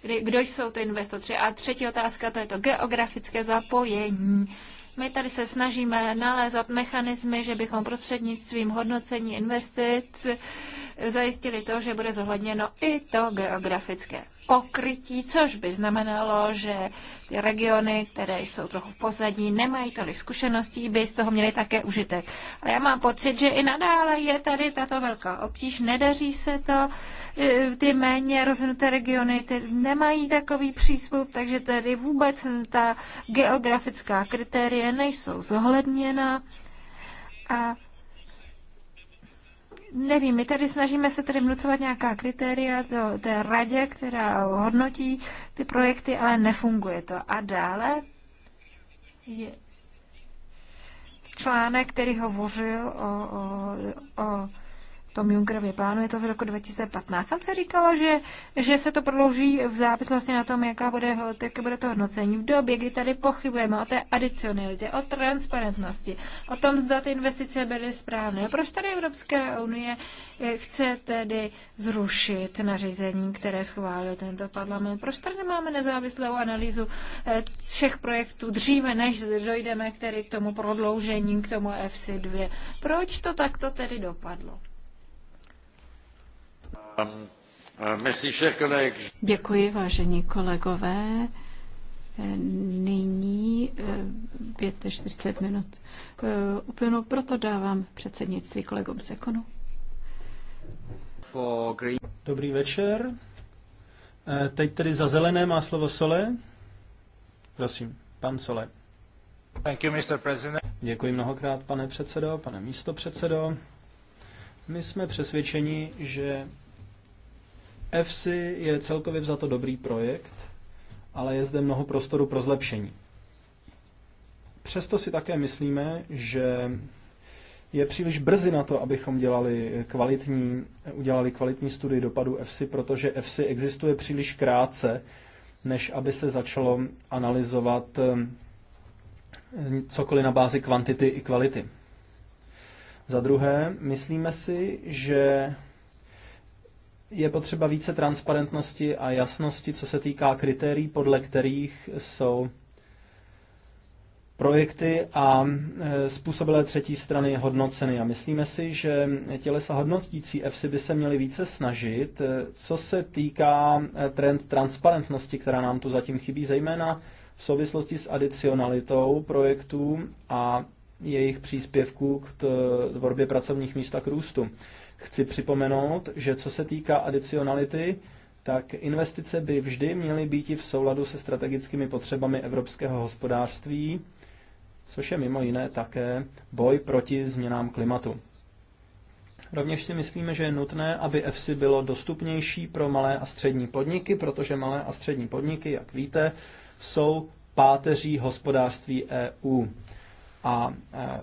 kdy, kdo jsou to investoři. A třetí otázka, to je to geografické zapojení. My tady se snažíme nalézat mechanismy, že bychom prostřednictvím hodnocení investic zajistili to, že bude zohledněno i to geografické pokrytí, což by znamenalo, že ty regiony, které jsou trochu pozadí, nemají tolik zkušeností, by z toho měly také užitek. Ale já mám pocit, že i nadále je tady tato velká obtíž, nedaří se to, e, ty méně rozvinuté regiony ty nemají takový přístup, takže tady vůbec ta geografická kritéria nejsou zohledněna. A Nevím, my tady snažíme se tady vnucovat nějaká kritéria to, té radě, která hodnotí ty projekty, ale nefunguje to. A dále je článek, který hovořil o, o, o tom Junckerově plánu, je to z roku 2015. Sam se říkala, že, že se to prodlouží v závislosti na tom, jaká bude, jaké bude to hodnocení. V době, kdy tady pochybujeme o té adicionalitě, o transparentnosti, o tom, zda ty investice byly správné. Proč tady Evropská unie eh, chce tedy zrušit nařízení, které schválil tento parlament? Proč tady nemáme nezávislou analýzu eh, všech projektů dříve, než dojdeme k, k tomu prodloužení, k tomu FC2? Proč to takto tedy dopadlo? Um, uh, Děkuji, vážení kolegové. Nyní 45 eh, 40 minut eh, uplynou, proto dávám předsednictví kolegům Sekonu. Dobrý večer. Eh, teď tedy za zelené má slovo Sole. Prosím, pan Sole. Thank you, Mr. President. Děkuji mnohokrát, pane předsedo, pane místopředsedo. My jsme přesvědčeni, že FC je celkově za to dobrý projekt, ale je zde mnoho prostoru pro zlepšení. Přesto si také myslíme, že je příliš brzy na to, abychom dělali kvalitní, udělali kvalitní studii dopadu FC, protože FC existuje příliš krátce, než aby se začalo analyzovat ehm, cokoliv na bázi kvantity i kvality. Za druhé, myslíme si, že je potřeba více transparentnosti a jasnosti, co se týká kritérií, podle kterých jsou projekty a e, způsobilé třetí strany hodnoceny. A myslíme si, že tělesa hodnotící EFSI by se měly více snažit, e, co se týká e, trend transparentnosti, která nám tu zatím chybí, zejména v souvislosti s adicionalitou projektů a jejich příspěvků k tvorbě pracovních míst a k růstu. Chci připomenout, že co se týká adicionality, tak investice by vždy měly být v souladu se strategickými potřebami evropského hospodářství, což je mimo jiné také boj proti změnám klimatu. Rovněž si myslíme, že je nutné, aby EFSI bylo dostupnější pro malé a střední podniky, protože malé a střední podniky, jak víte, jsou páteří hospodářství EU. A e,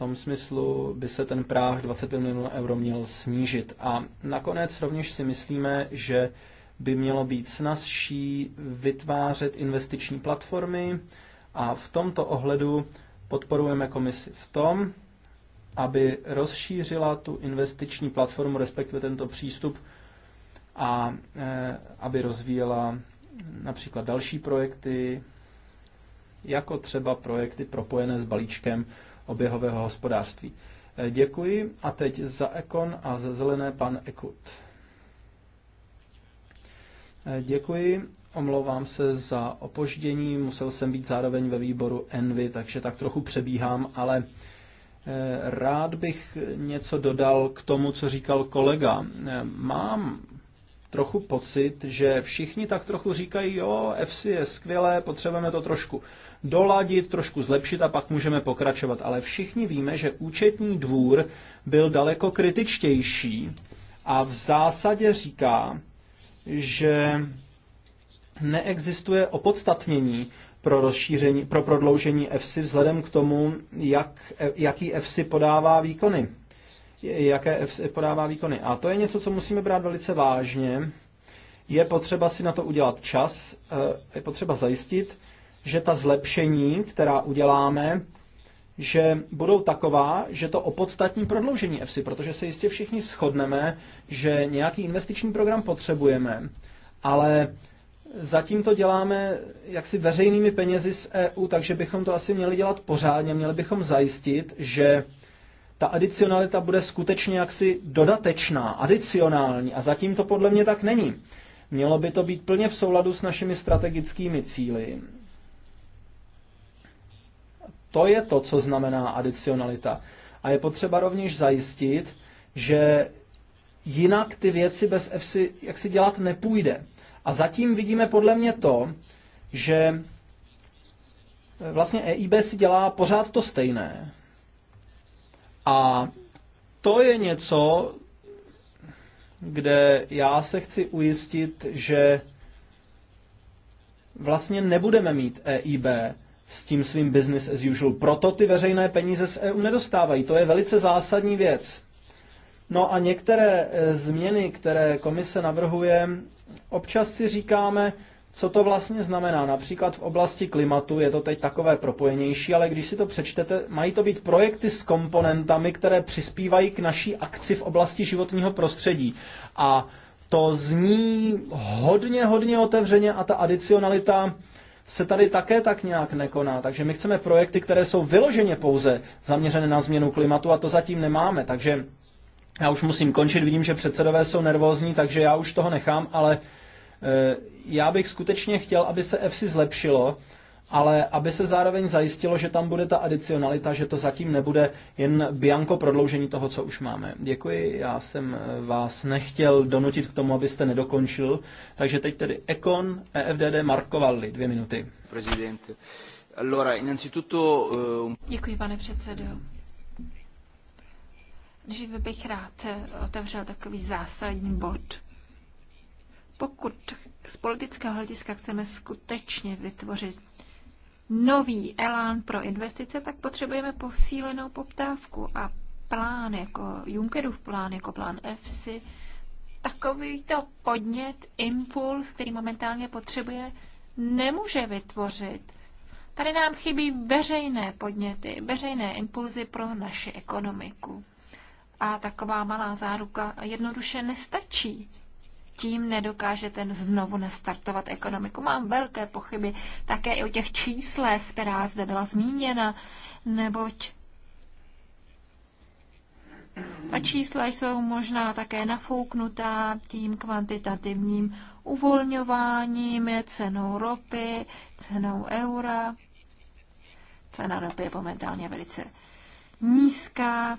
tom smyslu by se ten práh 25 milionů euro měl snížit. A nakonec rovněž si myslíme, že by mělo být snazší vytvářet investiční platformy a v tomto ohledu podporujeme komisi v tom, aby rozšířila tu investiční platformu, respektive tento přístup, a e, aby rozvíjela například další projekty, jako třeba projekty propojené s balíčkem oběhového hospodářství. Eh, děkuji a teď za Ekon a za Zelené pan Ekut. Eh, děkuji, omlouvám se za opoždění, musel jsem být zároveň ve výboru Envy, takže tak trochu přebíhám, ale eh, rád bych něco dodal k tomu, co říkal kolega. Mám trochu pocit, že všichni tak trochu říkají, jo, FC je skvělé, potřebujeme to trošku doladit, trošku zlepšit a pak můžeme pokračovat. Ale všichni víme, že účetní dvůr byl daleko kritičtější a v zásadě říká, že neexistuje opodstatnění pro, rozšíření, pro prodloužení EFSI vzhledem k tomu, jak, jaký EFSI podává výkony. Jaké EFSI podává výkony. A to je něco, co musíme brát velice vážně. Je potřeba si na to udělat čas, eh, je potřeba zajistit, že ta zlepšení, která uděláme, že budou taková, že to opodstatní prodloužení EFSI, protože se jistě všichni shodneme, že nějaký investiční program potřebujeme, ale zatím to děláme jaksi veřejnými penězi z EU, takže bychom to asi měli dělat pořádně, měli bychom zajistit, že ta adicionalita bude skutečně jaksi dodatečná, adicionální a zatím to podle mě tak není. Mělo by to být plně v souladu s našimi strategickými cíly to je to, co znamená adicionalita. A je potřeba rovněž zajistit, že jinak ty věci bez FC jak si dělat nepůjde. A zatím vidíme podle mě to, že eh, vlastně EIB si dělá pořád to stejné. A to je něco, kde já se chci ujistit, že vlastně nebudeme mít EIB, s tím svým business as usual. Proto ty veřejné peníze z EU nedostávají. To je velice zásadní věc. No a některé e, změny, které komise navrhuje, občas si říkáme, co to vlastně znamená. Například v oblasti klimatu je to teď takové propojenější, ale když si to přečtete, mají to být projekty s komponentami, které přispívají k naší akci v oblasti životního prostředí. A to zní hodně, hodně otevřeně a ta adicionalita se tady také tak nějak nekoná. Takže my chceme projekty, které jsou vyloženě pouze zaměřené na změnu klimatu a to zatím nemáme. Takže já už musím končit, vidím, že předsedové jsou nervózní, takže já už toho nechám, ale eh, já bych skutečně chtěl, aby se EFSI zlepšilo ale aby se zároveň zajistilo, že tam bude ta adicionalita, že to zatím nebude jen bianko prodloužení toho, co už máme. Děkuji, já jsem eh, vás nechtěl donutit k tomu, abyste nedokončil, takže teď tedy Ekon, EFDD, Markovali, dvě minuty. Prezident. Allora, innanzitutto... Eh, Děkuji, pane předsedo. Když bych rád eh, otevřel takový zásadní bod. Pokud z politického hlediska chceme skutečně vytvořit nový elán pro investice, tak potřebujeme posílenou poptávku a plán jako Junckerův plán, jako plán EFSI, to podnět, impuls, který momentálně potřebuje, nemůže vytvořit. Tady nám chybí veřejné podněty, veřejné impulzy pro naši ekonomiku. A taková malá záruka jednoduše nestačí tím nedokážete znovu nastartovat ekonomiku. Mám velké pochyby také i o těch číslech, která zde byla zmíněna, neboť ta čísla jsou možná také nafouknutá tím kvantitativním uvolňováním, cenou ropy, cenou eura. Cena ropy je momentálně velice nízká,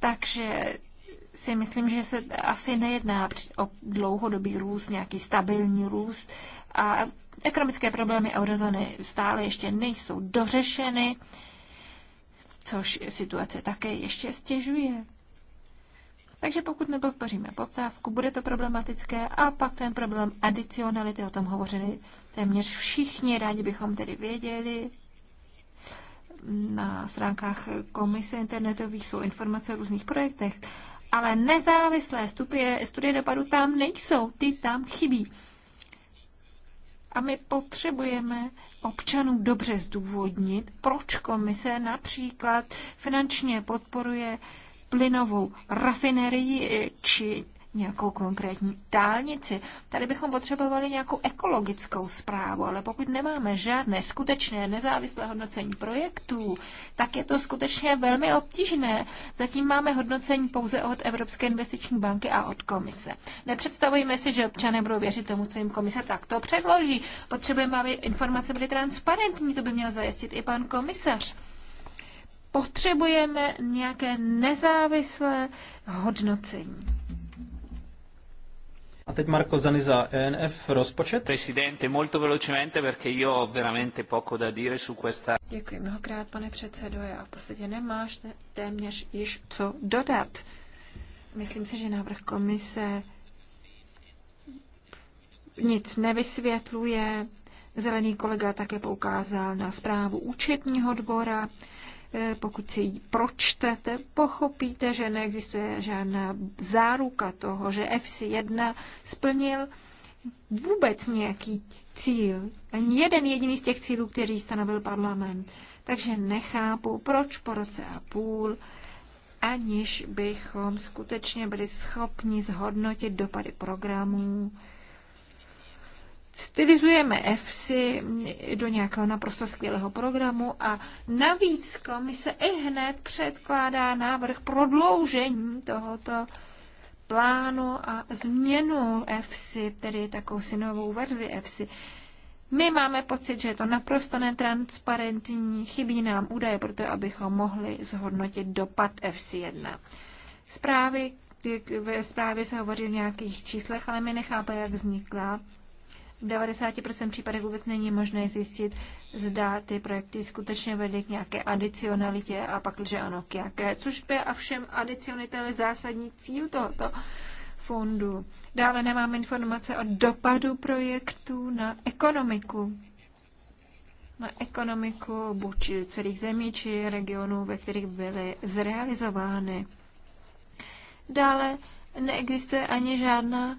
takže si myslím, že se asi nejedná o dlouhodobý růst, nějaký stabilní růst a ekonomické problémy eurozóny stále ještě nejsou dořešeny, což situace také ještě stěžuje. Takže pokud nepodpoříme poptávku, bude to problematické a pak ten problém adicionality, o tom hovořili téměř všichni, rádi bychom tedy věděli. Na stránkách komise internetových jsou informace o různých projektech ale nezávislé studie, studie dopadu tam nejsou, ty tam chybí. A my potřebujeme občanům dobře zdůvodnit, proč komise například finančně podporuje plynovou rafinerii eh, či nějakou konkrétní dálnici. Tady bychom potřebovali nějakou ekologickou zprávu, ale pokud nemáme žádné skutečné nezávislé hodnocení projektů, tak je to skutečně velmi obtížné. Zatím máme hodnocení pouze od Evropské investiční banky a od komise. Nepředstavujeme si, že občané budou věřit tomu, co jim komise takto předloží. Potřebujeme, aby informace byly transparentní, to by měl zajistit i pan komisař potřebujeme nějaké nezávislé hodnocení. A teď Marco Zaniza, ENF, rozpočet. Presidente, molto velocemente, perché io ho veramente poco da dire su questa... Děkuji mnohokrát, pane předsedo, a v podstatě nemáš téměř již co dodat. Myslím si, že návrh komise nic nevysvětluje. Zelený kolega také poukázal na zprávu účetního dvora. Eh, pokud si ji pročtete, pochopíte, že neexistuje žádná záruka toho, že FC1 splnil vůbec nějaký cíl. Ani jeden jediný z těch cílů, který stanovil parlament. Takže nechápu, proč po roce a půl, aniž bychom skutečně byli schopni zhodnotit dopady programů, stylizujeme EFSI do nějakého naprosto skvělého programu a navíc komise i hned předkládá návrh prodloužení tohoto plánu a změnu EFSI, tedy takovou synovou verzi EFSI. My máme pocit, že je to naprosto netransparentní, chybí nám údaje pro to, abychom mohli zhodnotit dopad FC1. Zprávy, ve zprávě se hovoří o nějakých číslech, ale my nechápe, jak vznikla v 90% případech vůbec není možné zjistit, zda ty projekty skutečně vedly k nějaké adicionalitě a pak, že ano, k jaké, což by a všem adicionita je zásadní cíl tohoto fondu. Dále nemám informace o dopadu projektů na ekonomiku na ekonomiku buď celých zemí či regionů, ve kterých byly zrealizovány. Dále neexistuje ani žádná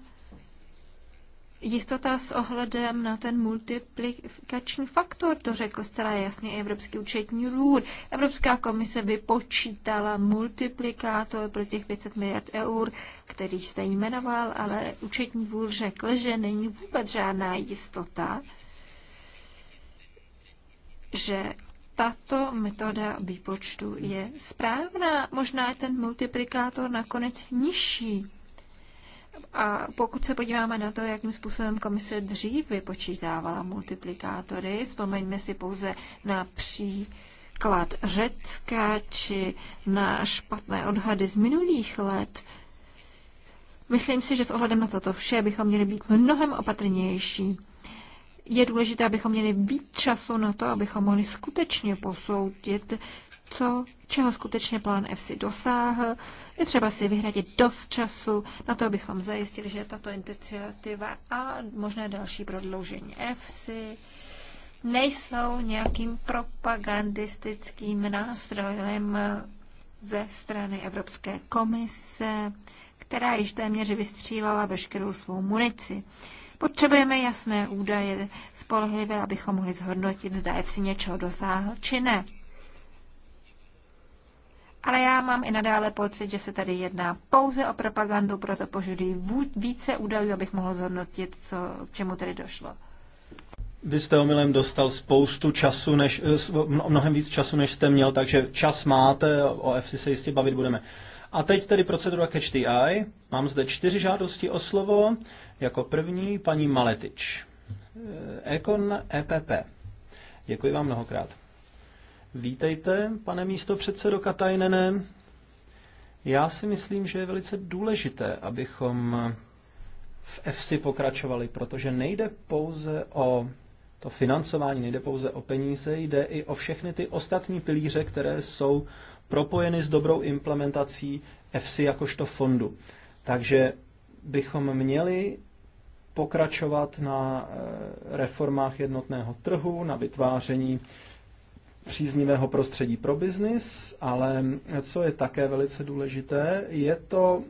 Jistota s ohledem na ten multiplikační faktor, to řekl zcela jasně Evropský účetní růd. Evropská komise vypočítala multiplikátor pro těch 500 miliard eur, který jste jmenoval, ale účetní dvůr řekl, že není vůbec žádná jistota, že tato metoda výpočtu je správná. Možná je ten multiplikátor nakonec nižší a pokud se podíváme na to, jakým způsobem komise dřív vypočítávala multiplikátory, vzpomeňme si pouze na příklad Řecka či na špatné odhady z minulých let, Myslím si, že s ohledem na toto vše bychom měli být mnohem opatrnější. Je důležité, abychom měli víc času na to, abychom mohli skutečně posoudit, co čeho skutečně plán si dosáhl. Je třeba si vyhradit dost času na to, abychom zajistili, že tato iniciativa a možné další prodloužení si nejsou nějakým propagandistickým nástrojem ze strany Evropské komise, která již téměř vystřílala veškerou svou munici. Potřebujeme jasné údaje, spolehlivé, abychom mohli zhodnotit, zda si něčeho dosáhl či ne ale já mám i nadále pocit, že se tady jedná pouze o propagandu, proto požaduji více údajů, abych mohl zhodnotit, co, k čemu tady došlo. Vy jste omylem dostal spoustu času, než, eh, mnohem víc času, než jste měl, takže čas máte, o FC se jistě bavit budeme. A teď tedy procedura Catch the Eye. Mám zde čtyři žádosti o slovo. Jako první paní Maletič. Ekon eh, EPP. Děkuji vám mnohokrát. Vítejte, pane místo předsedo Katajnene. Já si myslím, že je velice důležité, abychom v EFSI pokračovali, protože nejde pouze o to financování, nejde pouze o peníze, jde i o všechny ty ostatní pilíře, které jsou propojeny s dobrou implementací EFSI jakožto fondu. Takže bychom měli pokračovat na eh, reformách jednotného trhu, na vytváření příznivého prostředí pro biznis, ale co je také velice důležité, je to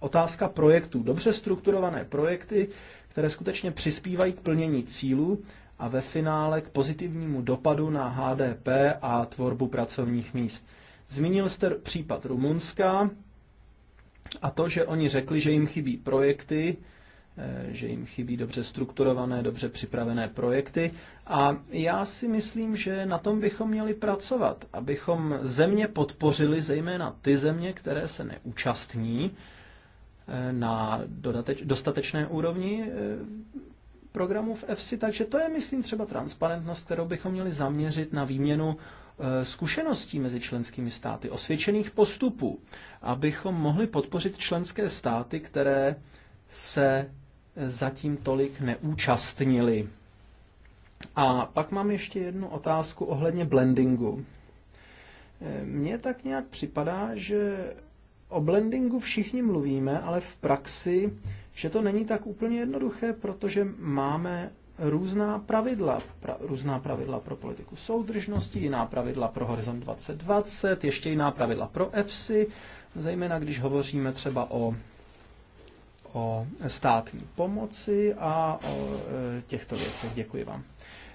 otázka projektů. Dobře strukturované projekty, které skutečně přispívají k plnění cílů a ve finále k pozitivnímu dopadu na HDP a tvorbu pracovních míst. Zmínil jste případ Rumunska a to, že oni řekli, že jim chybí projekty, eh, že jim chybí dobře strukturované, dobře připravené projekty a já si myslím, že na tom bychom měli pracovat, abychom země podpořili, zejména ty země, které se neúčastní eh, na dodateč, dostatečné úrovni eh, programů v EFSI, takže to je, myslím, třeba transparentnost, kterou bychom měli zaměřit na výměnu eh, zkušeností mezi členskými státy, osvědčených postupů, abychom mohli podpořit členské státy, které se zatím tolik neúčastnili a pak mám ještě jednu otázku ohledně blendingu. Eh, mně tak nějak připadá, že o blendingu všichni mluvíme, ale v praxi, že to není tak úplně jednoduché, protože máme různá pravidla, pra, různá pravidla pro politiku soudržnosti, jiná pravidla pro Horizon 2020, ještě jiná pravidla pro EFSI, zejména když hovoříme třeba o, o státní pomoci a o e, těchto věcech. Děkuji vám.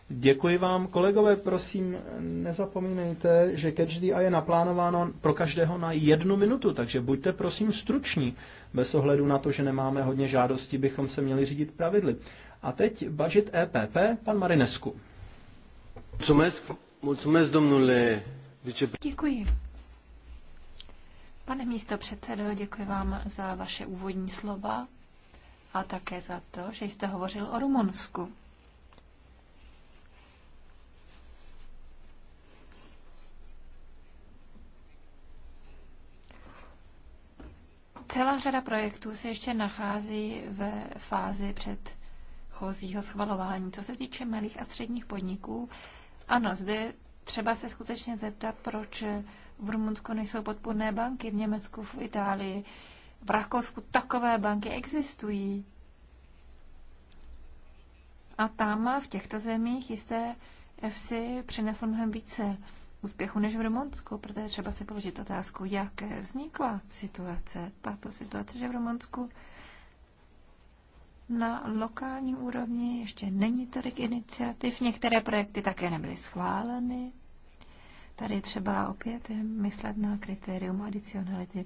Děkuji vám. Kolegové, prosím, nezapomínejte, že Catch the Eye je naplánováno pro každého na jednu minutu, takže buďte prosím struční. Bez ohledu na to, že nemáme hodně žádostí, bychom se měli řídit pravidly. A teď budget EPP, pan Marinesku. Děkuji. Pane místo předsedo, děkuji vám za vaše úvodní slova a také za to, že jste hovořil o Rumunsku. celá řada projektů se ještě nachází ve fázi předchozího schvalování. Co se týče malých a středních podniků, ano, zde třeba se skutečně zeptat, proč v Rumunsku nejsou podpůrné banky, v Německu, v Itálii, v Rakousku takové banky existují. A tam v těchto zemích jisté FC přinesl mnohem více úspěchu než v Rumunsku, protože třeba si položit otázku, jak vznikla situace, tato situace, že v Rumunsku na lokální úrovni ještě není tolik iniciativ, některé projekty také nebyly schváleny. Tady třeba opět myslet na kritérium adicionality.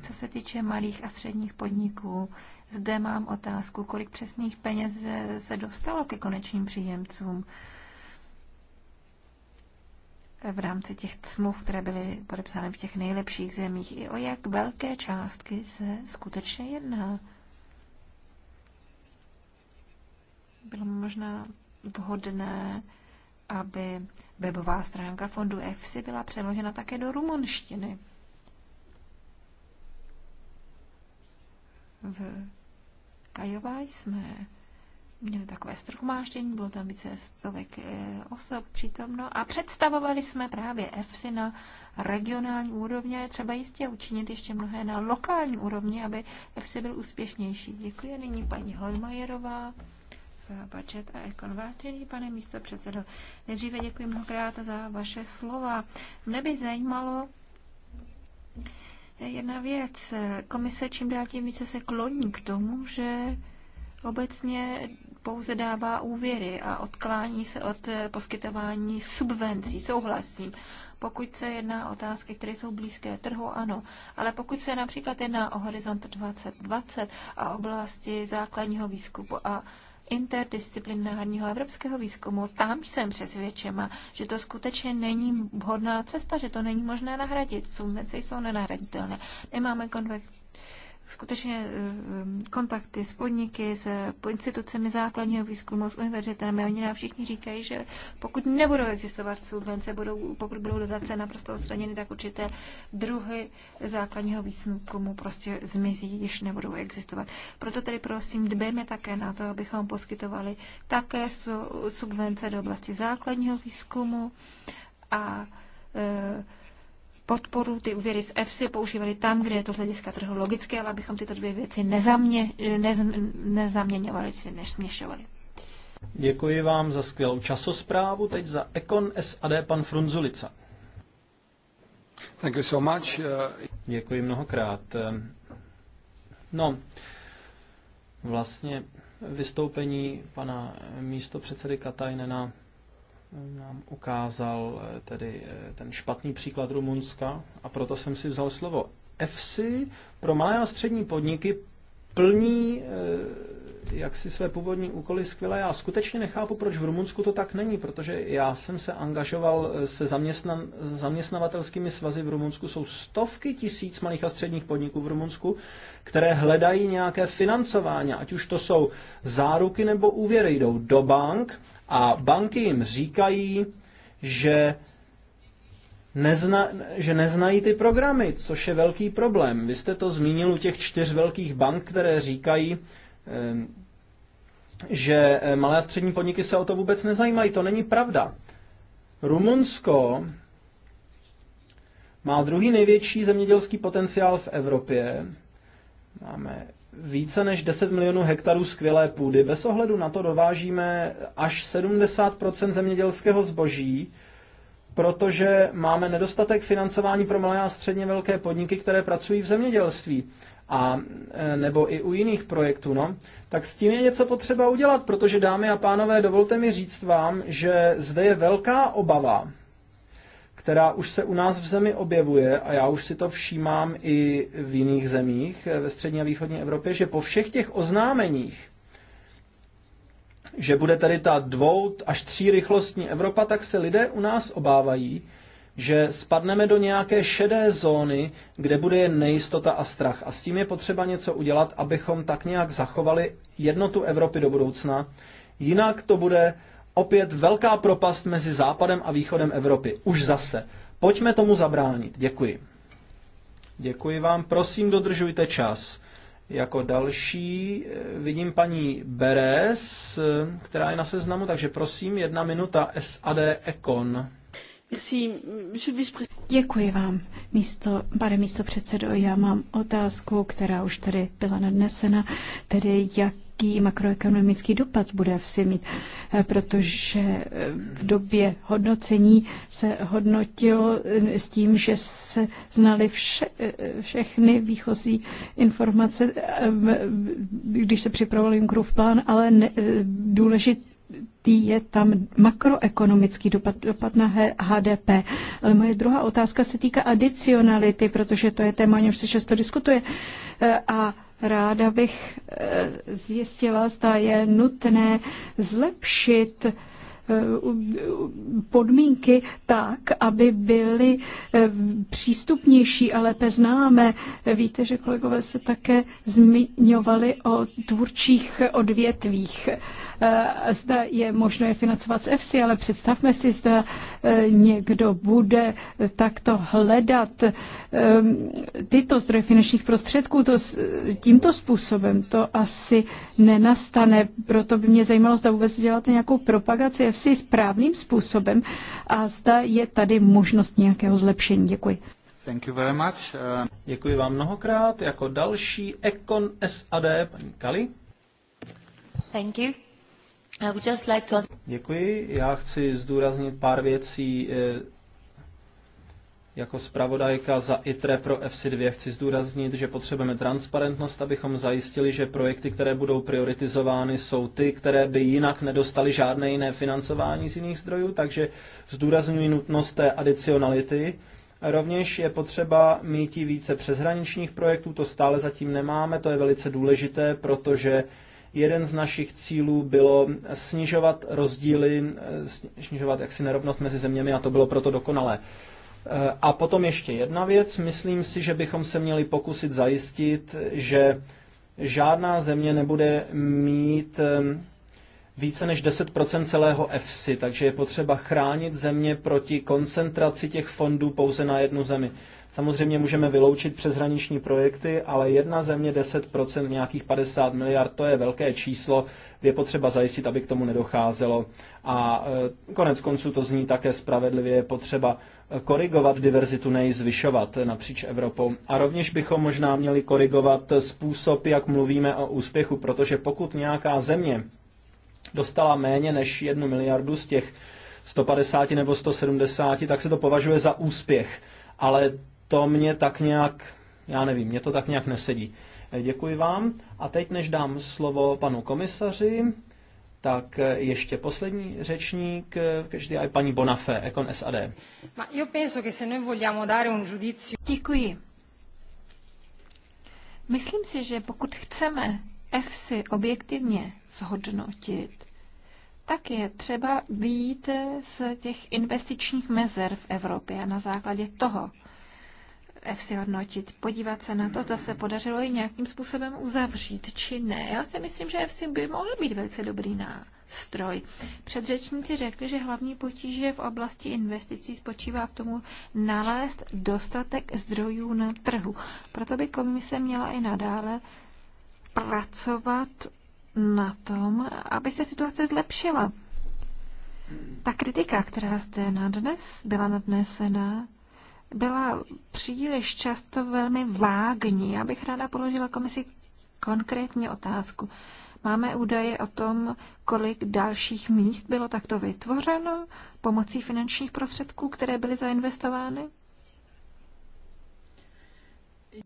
Co se týče malých a středních podniků, zde mám otázku, kolik přesných peněz se dostalo ke konečným příjemcům v rámci těch smluv, které byly podepsány v těch nejlepších zemích, i o jak velké částky se skutečně jedná. Bylo možná vhodné, aby webová stránka fondu EFSI byla přeložena také do rumunštiny. V Kajová jsme měli takové strhumáštění, bylo tam více stovek eh, osob přítomno a představovali jsme právě EFSI na regionální úrovni a je třeba jistě učinit ještě mnohé na lokální úrovni, aby EFSI byl úspěšnější. Děkuji nyní paní Holmajerová za budget a ekon. Vážený pane místo předsedo, nejdříve děkuji mnohokrát za vaše slova. Mne by zajímalo, eh, Jedna věc. Komise čím dál tím více se kloní k tomu, že obecně pouze dává úvěry a odklání se od eh, poskytování subvencí. Souhlasím. Pokud se jedná o otázky, které jsou blízké trhu, ano. Ale pokud se například jedná o horizont 2020 a oblasti základního výzkumu a interdisciplinárního evropského výzkumu, tam jsem přesvědčena, že to skutečně není vhodná cesta, že to není možné nahradit. Subvence jsou nenahraditelné. Nemáme konvekt skutečně eh, kontakty s podniky, s institucemi základního výzkumu, s univerzitami. Oni nám všichni říkají, že pokud nebudou existovat subvence, budou, pokud budou dotace naprosto odstraněny, tak určité druhy základního výzkumu prostě zmizí, již nebudou existovat. Proto tedy prosím, dbejme také na to, abychom poskytovali také subvence do oblasti základního výzkumu a e, podporu, ty úvěry z EFSI používali tam, kde je to z hlediska trhu logické, ale abychom tyto dvě věci nezamě, nez, nezaměňovali, či nesměšovali. Děkuji vám za skvělou časosprávu. Teď za Econ SAD pan Frunzulica. Thank you so much. Děkuji mnohokrát. No, vlastně vystoupení pana místo předsedy Katajnena nám ukázal eh, tedy eh, ten špatný příklad Rumunska a proto jsem si vzal slovo. EFSI pro malé a střední podniky plní eh, jak si své původní úkoly skvěle. Já skutečně nechápu, proč v Rumunsku to tak není, protože já jsem se angažoval se zaměstna, zaměstnavatelskými svazy v Rumunsku. Jsou stovky tisíc malých a středních podniků v Rumunsku, které hledají nějaké financování, ať už to jsou záruky nebo úvěry. Jdou do bank a banky jim říkají, že, nezna, že neznají ty programy, což je velký problém. Vy jste to zmínil u těch čtyř velkých bank, které říkají, eh, že eh, malé a střední podniky se o to vůbec nezajímají. To není pravda. Rumunsko má druhý největší zemědělský potenciál v Evropě Máme více než 10 milionů hektarů skvělé půdy. Bez ohledu na to dovážíme až 70 zemědělského zboží, protože máme nedostatek financování pro malé a středně velké podniky, které pracují v zemědělství a e, nebo i u jiných projektů, no, tak s tím je něco potřeba udělat, protože dámy a pánové, dovolte mi říct vám, že zde je velká obava, která už se u nás v zemi objevuje, a já už si to všímám i v jiných zemích eh, ve střední a východní Evropě, že po všech těch oznámeních, že bude tady ta dvou až tří rychlostní Evropa, tak se lidé u nás obávají, že spadneme do nějaké šedé zóny, kde bude jen nejistota a strach. A s tím je potřeba něco udělat, abychom tak nějak zachovali jednotu Evropy do budoucna. Jinak to bude opět velká propast mezi západem a východem Evropy. Už zase. Pojďme tomu zabránit. Děkuji. Děkuji vám. Prosím, dodržujte čas. Jako další eh, vidím paní Beres, eh, která je na seznamu, takže prosím, jedna minuta SAD Econ. Děkuji vám, místo, pane místo předsedo. Já mám otázku, která už tady byla nadnesena, tedy jaký makroekonomický dopad bude v mít, protože v době hodnocení se hodnotilo eh, s tím, že se znaly vše, eh, všechny výchozí informace, eh, když se připravoval Junckerův plán, ale ne, důležit, Tý je tam makroekonomický dopad, dopad na HDP. Ale moje druhá otázka se týká adicionality, protože to je téma, o něm se často diskutuje. Eh, a ráda bych eh, zjistila, zda je nutné zlepšit eh, podmínky tak, aby byly přístupnější a lépe známé. Víte, že kolegové se také zmiňovali o tvůrčích odvětvích Eh, zda je možno je financovat z EFSI, ale představme si, zda eh, někdo bude eh, takto hledat ehm, tyto zdroje finančních prostředků to, tímto způsobem. To asi nenastane, proto by mě zajímalo, zda vůbec děláte nějakou propagaci EFSI správným způsobem a zda je tady možnost nějakého zlepšení. Děkuji. Thank you very much. Uh... Děkuji vám mnohokrát. Jako další Econ SAD, paní Kali. Thank you. Děkuji. Já chci zdůraznit pár věcí. Eh, jako zpravodajka za ITRE pro FC2 chci zdůraznit, že potřebujeme transparentnost, abychom zajistili, že projekty, které budou prioritizovány, jsou ty, které by jinak nedostaly žádné jiné financování z jiných zdrojů, takže zdůraznuju nutnost té adicionality. Rovněž je potřeba mít více přeshraničních projektů, to stále zatím nemáme, to je velice důležité, protože Jeden z našich cílů bylo snižovat rozdíly, eh, snižovat jaksi nerovnost mezi zeměmi a to bylo proto dokonalé. Eh, a potom ještě jedna věc. Myslím si, že bychom se měli pokusit zajistit, že žádná země nebude mít eh, více než 10% celého EFSI, takže je potřeba chránit země proti koncentraci těch fondů pouze na jednu zemi. Samozřejmě můžeme vyloučit přeshraniční projekty, ale jedna země 10%, nějakých 50 miliard, to je velké číslo, je potřeba zajistit, aby k tomu nedocházelo. A e, konec konců to zní také spravedlivě, je potřeba e, korigovat diverzitu, nej zvyšovat napříč Evropou. A rovněž bychom možná měli korigovat způsob, jak mluvíme o úspěchu, protože pokud nějaká země dostala méně než jednu miliardu z těch 150 nebo 170, tak se to považuje za úspěch. Ale to mě tak nějak, já nevím, mě to tak nějak nesedí. E, děkuji vám. A teď, než dám slovo panu komisaři, tak e, ještě poslední řečník, e, každý je paní Bonafé, Econ SAD. Děkuji. Myslím si, že pokud chceme EFSI objektivně zhodnotit, tak je třeba být z těch investičních mezer v Evropě a na základě toho EFSI hodnotit, podívat se na to, zda se podařilo ji nějakým způsobem uzavřít, či ne. Já si myslím, že EFSI by mohl být velice dobrý nástroj. Předřečníci řekli, že hlavní potíže v oblasti investicí spočívá v tomu nalézt dostatek zdrojů na trhu. Proto by komise měla i nadále pracovat na tom, aby se situace zlepšila. Ta kritika, která zde nadnes byla nadnesena, byla příliš často velmi vágní. Já bych ráda položila komisi konkrétní otázku. Máme údaje o tom, kolik dalších míst bylo takto vytvořeno pomocí finančních prostředků, které byly zainvestovány?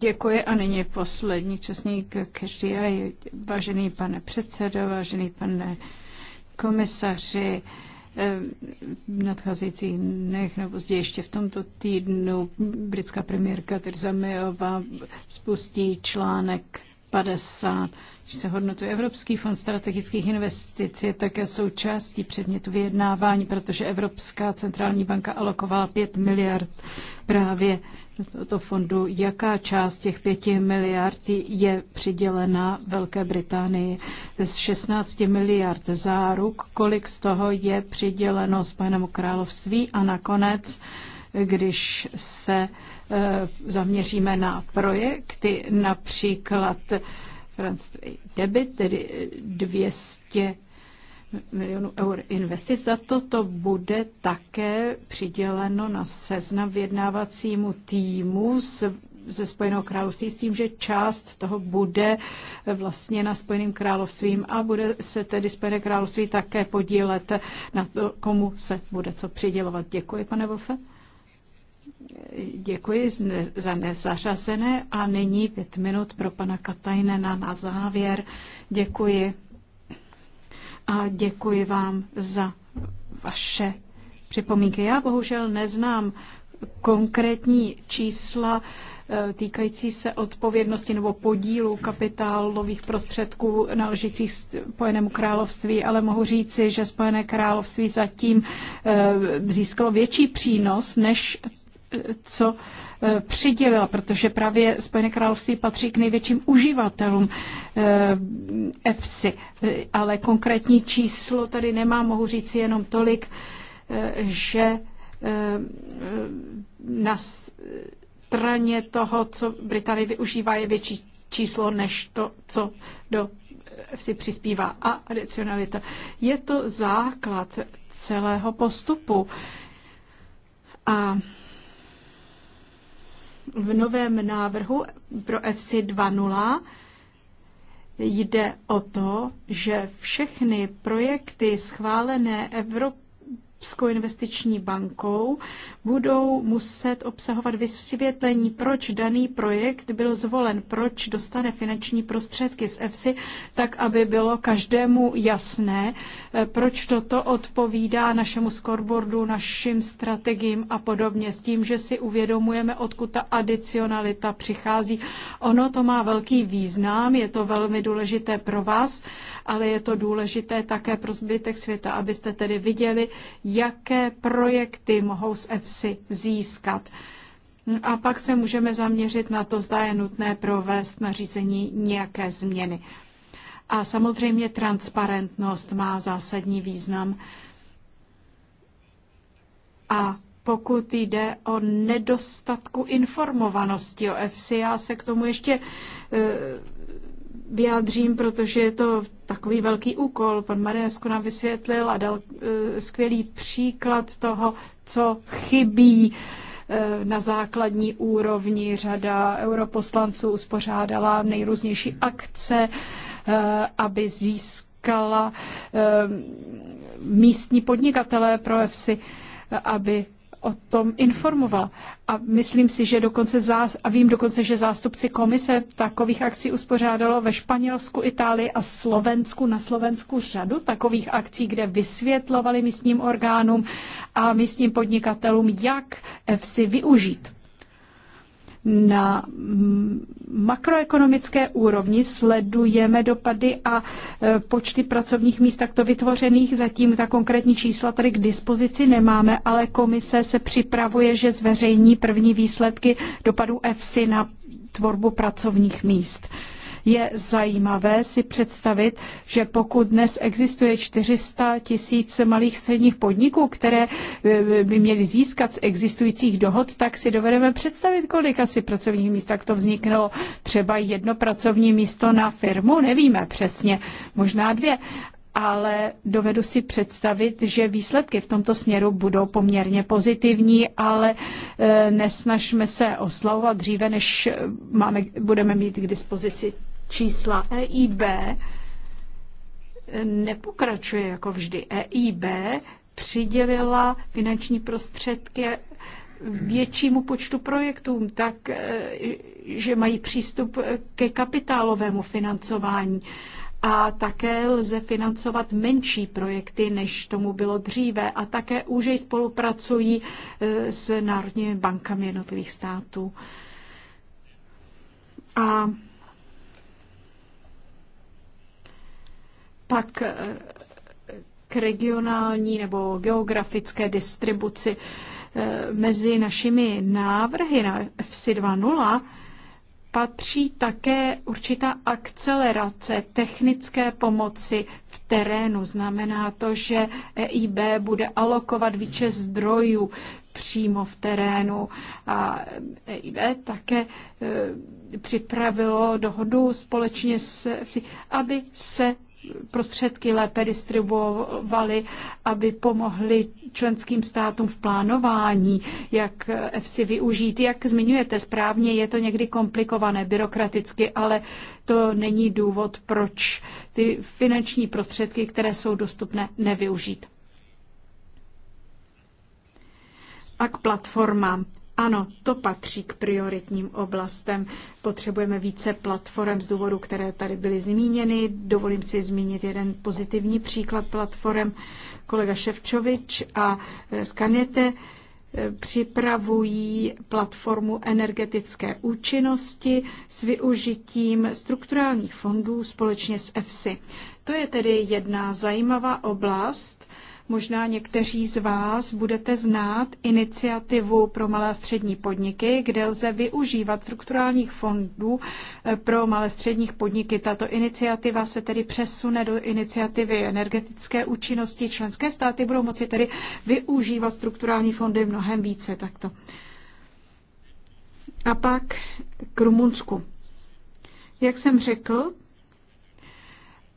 Děkuji a nyní poslední časník každý vážený pane předsedo, vážený pane komisaři, v eh, nadcházejících dnech nebo později ještě v tomto týdnu britská premiérka Theresa Mayová spustí článek 50 že se hodnotuje Evropský fond strategických investic, je také součástí předmětu vyjednávání, protože Evropská centrální banka alokovala 5 miliard právě do tohoto fondu. Jaká část těch 5 miliard je přidělena Velké Británii? Z 16 miliard záruk, kolik z toho je přiděleno Spojenému království a nakonec když se eh, zaměříme na projekty, například Franz Debit, tedy 200 milionů eur investic. Za toto bude také přiděleno na seznam vyjednávacímu týmu s ze Spojeného království s tím, že část toho bude vlastně na Spojeným královstvím a bude se tedy Spojené království také podílet na to, komu se bude co přidělovat. Děkuji, pane Wolfe. Děkuji za nezařazené a nyní pět minut pro pana Katajnena na závěr. Děkuji a děkuji vám za vaše připomínky. Já bohužel neznám konkrétní čísla eh, týkající se odpovědnosti nebo podílu kapitálových prostředků náležících Spojenému království, ale mohu říci, že Spojené království zatím eh, získalo větší přínos než co eh, přidělila, protože právě Spojené království patří k největším uživatelům EFSI. Eh, eh, ale konkrétní číslo tady nemám, mohu říct jenom tolik, že na straně toho, co Británie využívá, je větší číslo než to, co do si přispívá. A adicionalita. Je to základ celého postupu. A v novém návrhu pro FC 2.0 jde o to, že všechny projekty schválené Evropou Evropskou investiční bankou budou muset obsahovat vysvětlení, proč daný projekt byl zvolen, proč dostane finanční prostředky z EFSI, tak aby bylo každému jasné, eh, proč toto odpovídá našemu scoreboardu, našim strategiím a podobně, s tím, že si uvědomujeme, odkud ta adicionalita přichází. Ono to má velký význam, je to velmi důležité pro vás ale je to důležité také pro zbytek světa, abyste tedy viděli, jaké projekty mohou z EFSI získat. A pak se můžeme zaměřit na to, zda je nutné provést nařízení nějaké změny. A samozřejmě transparentnost má zásadní význam. A pokud jde o nedostatku informovanosti o EFSI, já se k tomu ještě eh, vyjádřím, protože je to takový velký úkol. Pan Marinesko nám vysvětlil a dal eh, skvělý příklad toho, co chybí eh, na základní úrovni. Řada europoslanců uspořádala nejrůznější akce, eh, aby získala místní podnikatele pro EFSI, aby o tom informoval. A myslím si, že dokonce zás, a vím dokonce, že zástupci komise takových akcí uspořádalo ve Španělsku, Itálii a Slovensku, na Slovensku řadu takových akcí, kde vysvětlovali místním orgánům a místním podnikatelům, jak EFSI využít na makroekonomické úrovni sledujeme dopady a e, počty pracovních míst takto vytvořených. Zatím ta konkrétní čísla tady k dispozici nemáme, ale komise se připravuje, že zveřejní první výsledky dopadů EFSI na tvorbu pracovních míst. Je zajímavé si představit, že pokud dnes existuje 400 tisíc malých středních podniků, které e, by měly získat z existujících dohod, tak si dovedeme představit, kolik asi pracovních míst takto vzniklo. Třeba jedno pracovní místo na firmu, nevíme přesně, možná dvě ale dovedu si představit, že výsledky v tomto směru budou poměrně pozitivní, ale e, nesnažme se oslavovat dříve, než e, máme, budeme mít k dispozici čísla EIB nepokračuje jako vždy. EIB přidělila finanční prostředky většímu počtu projektům, tak e, že mají přístup ke kapitálovému financování. A také lze financovat menší projekty, než tomu bylo dříve. A také už spolupracují e, s národními bankami jednotlivých států. A pak eh, k regionální nebo geografické distribuci eh, mezi našimi návrhy na FSI 2.0 patří také určitá akcelerace technické pomoci v terénu. Znamená to, že EIB bude alokovat více zdrojů přímo v terénu. A EIB také eh, připravilo dohodu společně s, aby se prostředky lépe distribuovaly, aby pomohly členským státům v plánování, jak EFSI využít. Jak zmiňujete správně, je to někdy komplikované byrokraticky, ale to není důvod, proč ty finanční prostředky, které jsou dostupné, nevyužít. A k platformám. Ano, to patří k prioritním oblastem. Potřebujeme více platform z důvodu, které tady byly zmíněny. Dovolím si zmínit jeden pozitivní příklad platform. Kolega Ševčovič a Skaněte eh, připravují platformu energetické účinnosti s využitím strukturálních fondů společně s EFSI. To je tedy jedna zajímavá oblast, Možná někteří z vás budete znát iniciativu pro malé a střední podniky, kde lze využívat strukturálních fondů eh, pro malé a středních podniky. Tato iniciativa se tedy přesune do iniciativy energetické účinnosti. Členské státy budou moci tedy využívat strukturální fondy mnohem více takto. A pak k Rumunsku. Jak jsem řekl,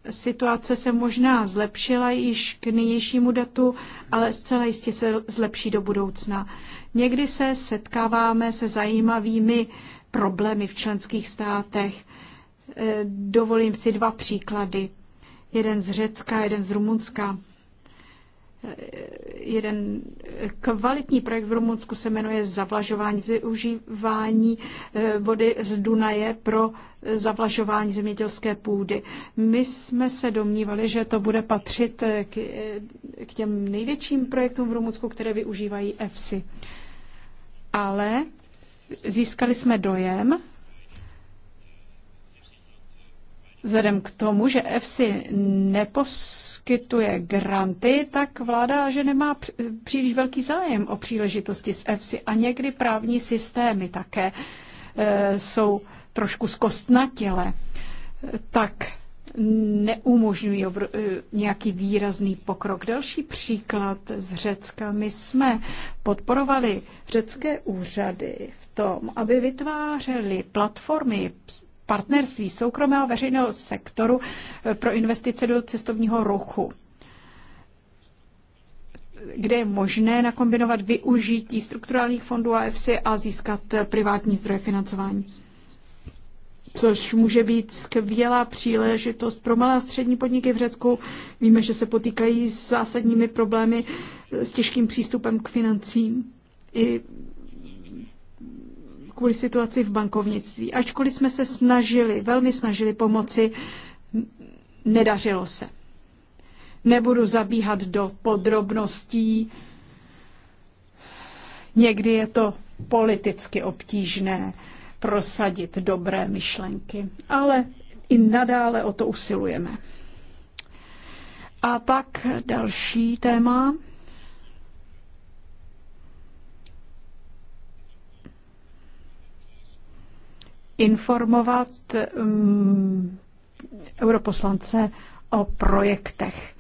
Situace se možná zlepšila již k nynějšímu datu, ale zcela jistě se zlepší do budoucna. Někdy se setkáváme se zajímavými problémy v členských státech. Eh, dovolím si dva příklady. Jeden z Řecka, jeden z Rumunska. Jeden kvalitní projekt v Rumunsku se jmenuje Zavlažování, využívání eh, vody z Dunaje pro eh, zavlažování zemědělské půdy. My jsme se domnívali, že to bude patřit eh, k, k těm největším projektům v Rumunsku, které využívají EFSI. Ale získali jsme dojem, Vzhledem k tomu, že EFSI neposkytuje granty, tak vláda, že nemá příliš velký zájem o příležitosti z EFSI a někdy právní systémy také e, jsou trošku zkostnatělé, tak neumožňují e, nějaký výrazný pokrok. Další příklad z Řecka. My jsme podporovali řecké úřady v tom, aby vytvářely platformy partnerství soukromého a veřejného sektoru eh, pro investice do cestovního ruchu kde je možné nakombinovat využití strukturálních fondů AFC a získat eh, privátní zdroje financování. Což může být skvělá příležitost pro malé a střední podniky v Řecku. Víme, že se potýkají s zásadními problémy, eh, s těžkým přístupem k financím. I kvůli situaci v bankovnictví. Ačkoliv jsme se snažili, velmi snažili pomoci, nedařilo se. Nebudu zabíhat do podrobností. Někdy je to politicky obtížné prosadit dobré myšlenky, ale i nadále o to usilujeme. A pak další téma. informovat um, europoslance o projektech.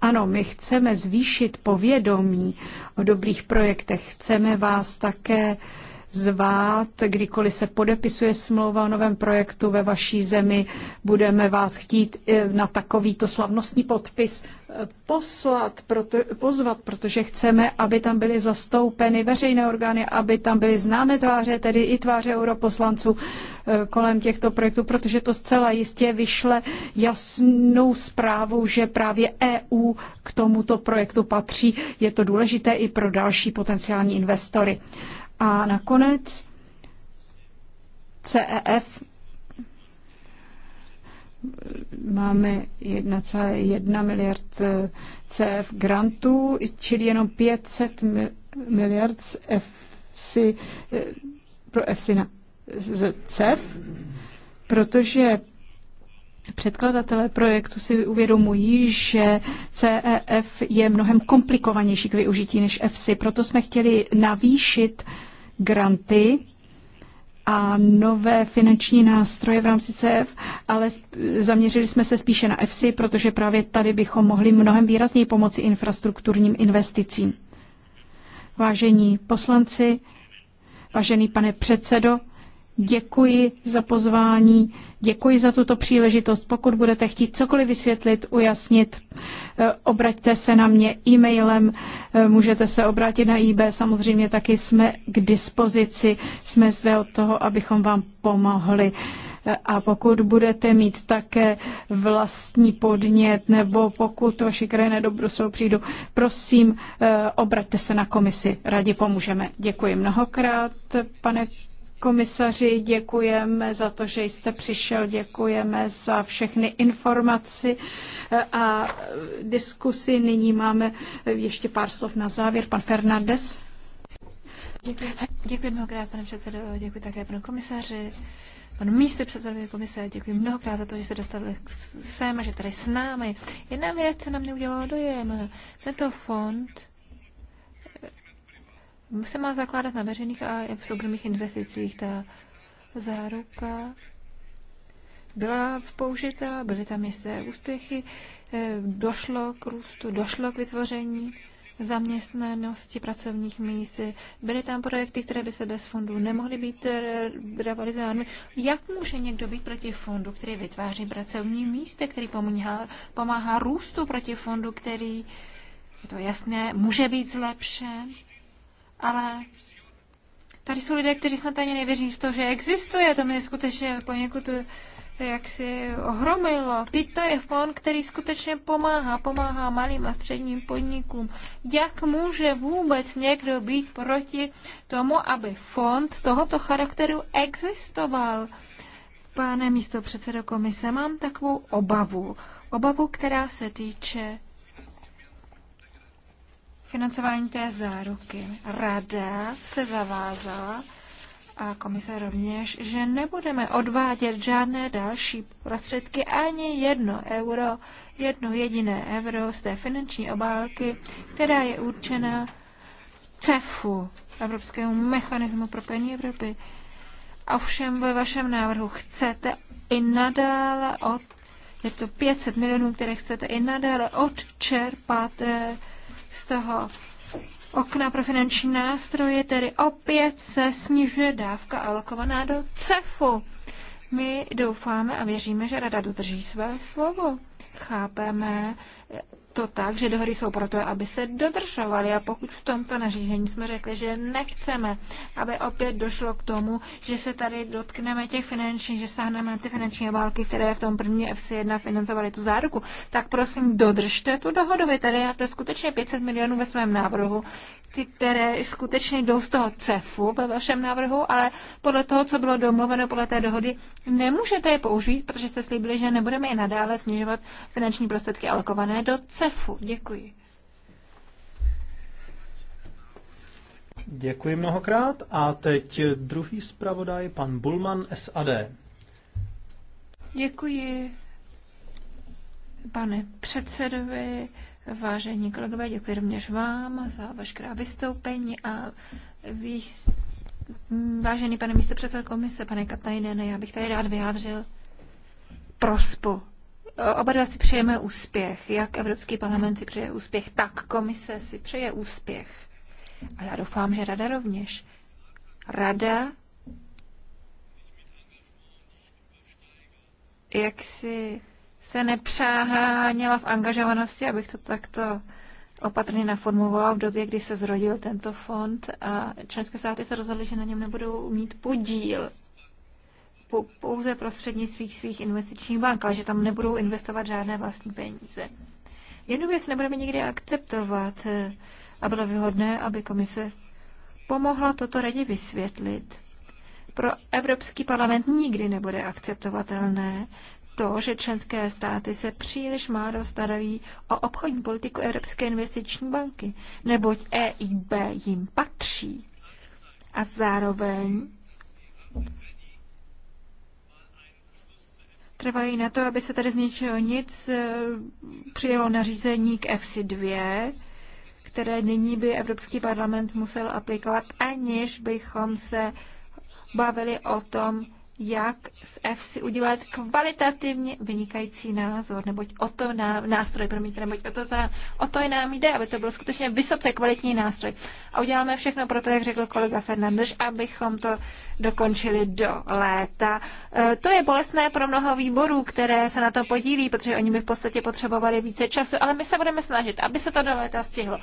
Ano, my chceme zvýšit povědomí o dobrých projektech. Chceme vás také uh, zvát, kdykoliv se podepisuje smlouva o novém projektu ve vaší zemi. Budeme vás chtít eh, na takovýto slavnostní podpis eh, poslat, proto, pozvat, protože chceme, aby tam byly zastoupeny veřejné orgány, aby tam byly známé tváře, tedy i tváře europoslanců eh, kolem těchto projektů, protože to zcela jistě vyšle jasnou zprávu, že právě EU k tomuto projektu patří. Je to důležité i pro další potenciální investory. A nakonec CEF máme 1,1 miliard eh, CF e grantů, čili jenom 500 miliard z EFSI, eh, pro EFSI na z CEF, protože Předkladatelé projektu si uvědomují, že CEF je mnohem komplikovanější k využití než FSI. proto jsme chtěli navýšit granty a nové finanční nástroje v rámci CEF, ale zaměřili jsme se spíše na FSI, protože právě tady bychom mohli mnohem výrazněji pomoci infrastrukturním investicím. Vážení poslanci, vážený pane předsedo, Děkuji za pozvání, děkuji za tuto příležitost. Pokud budete chtít cokoliv vysvětlit, ujasnit, eh, obraťte se na mě e-mailem, eh, můžete se obrátit na IB, samozřejmě taky jsme k dispozici, jsme zde od toho, abychom vám pomohli. Eh, a pokud budete mít také vlastní podnět, nebo pokud vaši krajiné do Bruselu přijdu, prosím, obraťte se na komisi, rádi pomůžeme. Děkuji mnohokrát, pane komisaři, děkujeme za to, že jste přišel, děkujeme za všechny informaci eh, a diskusi. Nyní máme eh, ještě pár slov na závěr. Pan Fernandez. Děkuji, mnohokrát, pane předsedo, děkuji také panu komisaři, panu místě předsedovi komise, děkuji mnohokrát za to, že se dostal sem a že tady s námi. Jedna věc, co na mě udělala dojem, tento fond se má zakládat na veřejných a v soukromých investicích. Ta záruka byla použita, byly tam jisté úspěchy, eh, došlo k růstu, došlo k vytvoření zaměstnanosti pracovních míst. Byly tam projekty, které by se bez fondů nemohly být eh, realizovány. Jak může někdo být proti fondu, který vytváří pracovní místa, který pomáhá, pomáhá růstu proti fondu, který, je to jasné, může být zlepšen? ale tady jsou lidé, kteří snad ani nevěří v to, že existuje. To mě skutečně poněkud eh, jak si ohromilo. Teď to je fond, který skutečně pomáhá, pomáhá malým a středním podnikům. Jak může vůbec někdo být proti tomu, aby fond tohoto charakteru existoval? Pane místo předsedo komise, mám takovou obavu. Obavu, která se týče financování té záruky. Rada se zavázala a komise rovněž, že nebudeme odvádět žádné další prostředky, ani jedno euro, jedno jediné euro z té finanční obálky, která je určena CEFu, Evropskému mechanismu pro pení Evropy. Ovšem ve vašem návrhu chcete i nadále od, je to 500 milionů, které chcete i nadále odčerpat eh, z toho okna pro finanční nástroje, tedy opět se snižuje dávka alokovaná do CEFu. My doufáme a věříme, že Rada dodrží své slovo. Chápeme to tak, že dohody jsou proto, aby se dodržovaly. A pokud v tomto nařízení jsme řekli, že nechceme, aby opět došlo k tomu, že se tady dotkneme těch finančních, že sáhneme na ty finanční války, které v tom první FC1 financovaly tu záruku, tak prosím dodržte tu dohodu. Vy tady máte skutečně 500 milionů ve svém návrhu, ty, které skutečně jdou z toho CEFu ve vašem návrhu, ale podle toho, co bylo domluveno podle té dohody, nemůžete je použít, protože jste slíbili, že nebudeme je nadále snižovat finanční prostředky alokované do CEFu. Josefu, Děkuji. Děkuji mnohokrát a teď druhý zpravodaj, pan Bulman SAD. Děkuji pane předsedovi, vážení kolegové, děkuji rovněž vám za veškerá vystoupení a výs... vážený pane místopředsedo komise, pane Katajnene, já bych tady rád vyjádřil prospu oba dva si přejeme úspěch. Jak Evropský parlament si přeje úspěch, tak komise si přeje úspěch. A já doufám, že rada rovněž. Rada jak si se nepřáháněla v angažovanosti, abych to takto opatrně naformulovala v době, kdy se zrodil tento fond a členské státy se rozhodly, že na něm nebudou mít podíl pouze svých, svých investičních bank, ale že tam nebudou investovat žádné vlastní peníze. Jednu věc nebudeme nikdy akceptovat eh, a bylo vyhodné, aby komise pomohla toto radě vysvětlit. Pro Evropský parlament nikdy nebude akceptovatelné to, že členské státy se příliš málo starají o obchodní politiku Evropské investiční banky, neboť EIB jim patří. A zároveň trvají na to, aby se tady z ničeho nic eh, přijelo nařízení k fc 2, které nyní by Evropský parlament musel aplikovat, aniž bychom se bavili o tom, jak z EFSI udělat kvalitativně vynikající názor, neboť o to nám, nástroj, promiňte, neboť o to, ta, o to je nám jde, aby to byl skutečně vysoce kvalitní nástroj. A uděláme všechno pro to, jak řekl kolega Fernandeš, abychom to dokončili do léta. E, to je bolestné pro mnoho výborů, které se na to podílí, protože oni by v podstatě potřebovali více času, ale my se budeme snažit, aby se to do léta stihlo.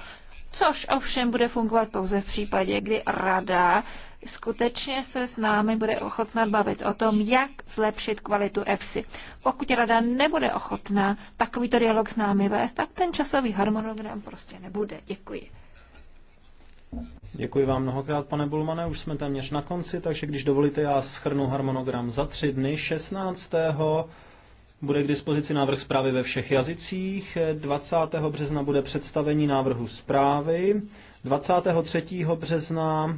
Což ovšem bude fungovat pouze v případě, kdy rada skutečně se s námi bude ochotna bavit o tom, jak zlepšit kvalitu EFSI. Pokud rada nebude ochotná takovýto dialog s námi vést, tak ten časový harmonogram prostě nebude. Děkuji. Děkuji vám mnohokrát, pane Bulmane. Už jsme téměř na konci, takže když dovolíte, já schrnu harmonogram za tři dny. 16. bude k dispozici návrh zprávy ve všech jazycích. 20. března bude představení návrhu zprávy. 23. března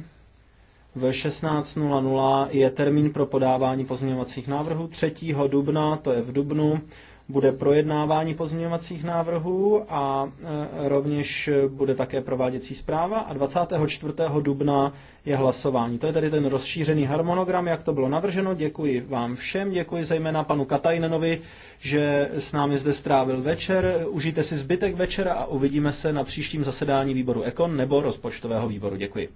v 16.00 je termín pro podávání pozměňovacích návrhů. 3. dubna, to je v dubnu, bude projednávání pozměňovacích návrhů a e, rovněž bude také prováděcí zpráva a 24. dubna je hlasování. To je tedy ten rozšířený harmonogram, jak to bylo navrženo. Děkuji vám všem, děkuji zejména panu Katajnenovi, že s námi zde strávil večer. Užijte si zbytek večera a uvidíme se na příštím zasedání výboru Ekon nebo rozpočtového výboru. Děkuji.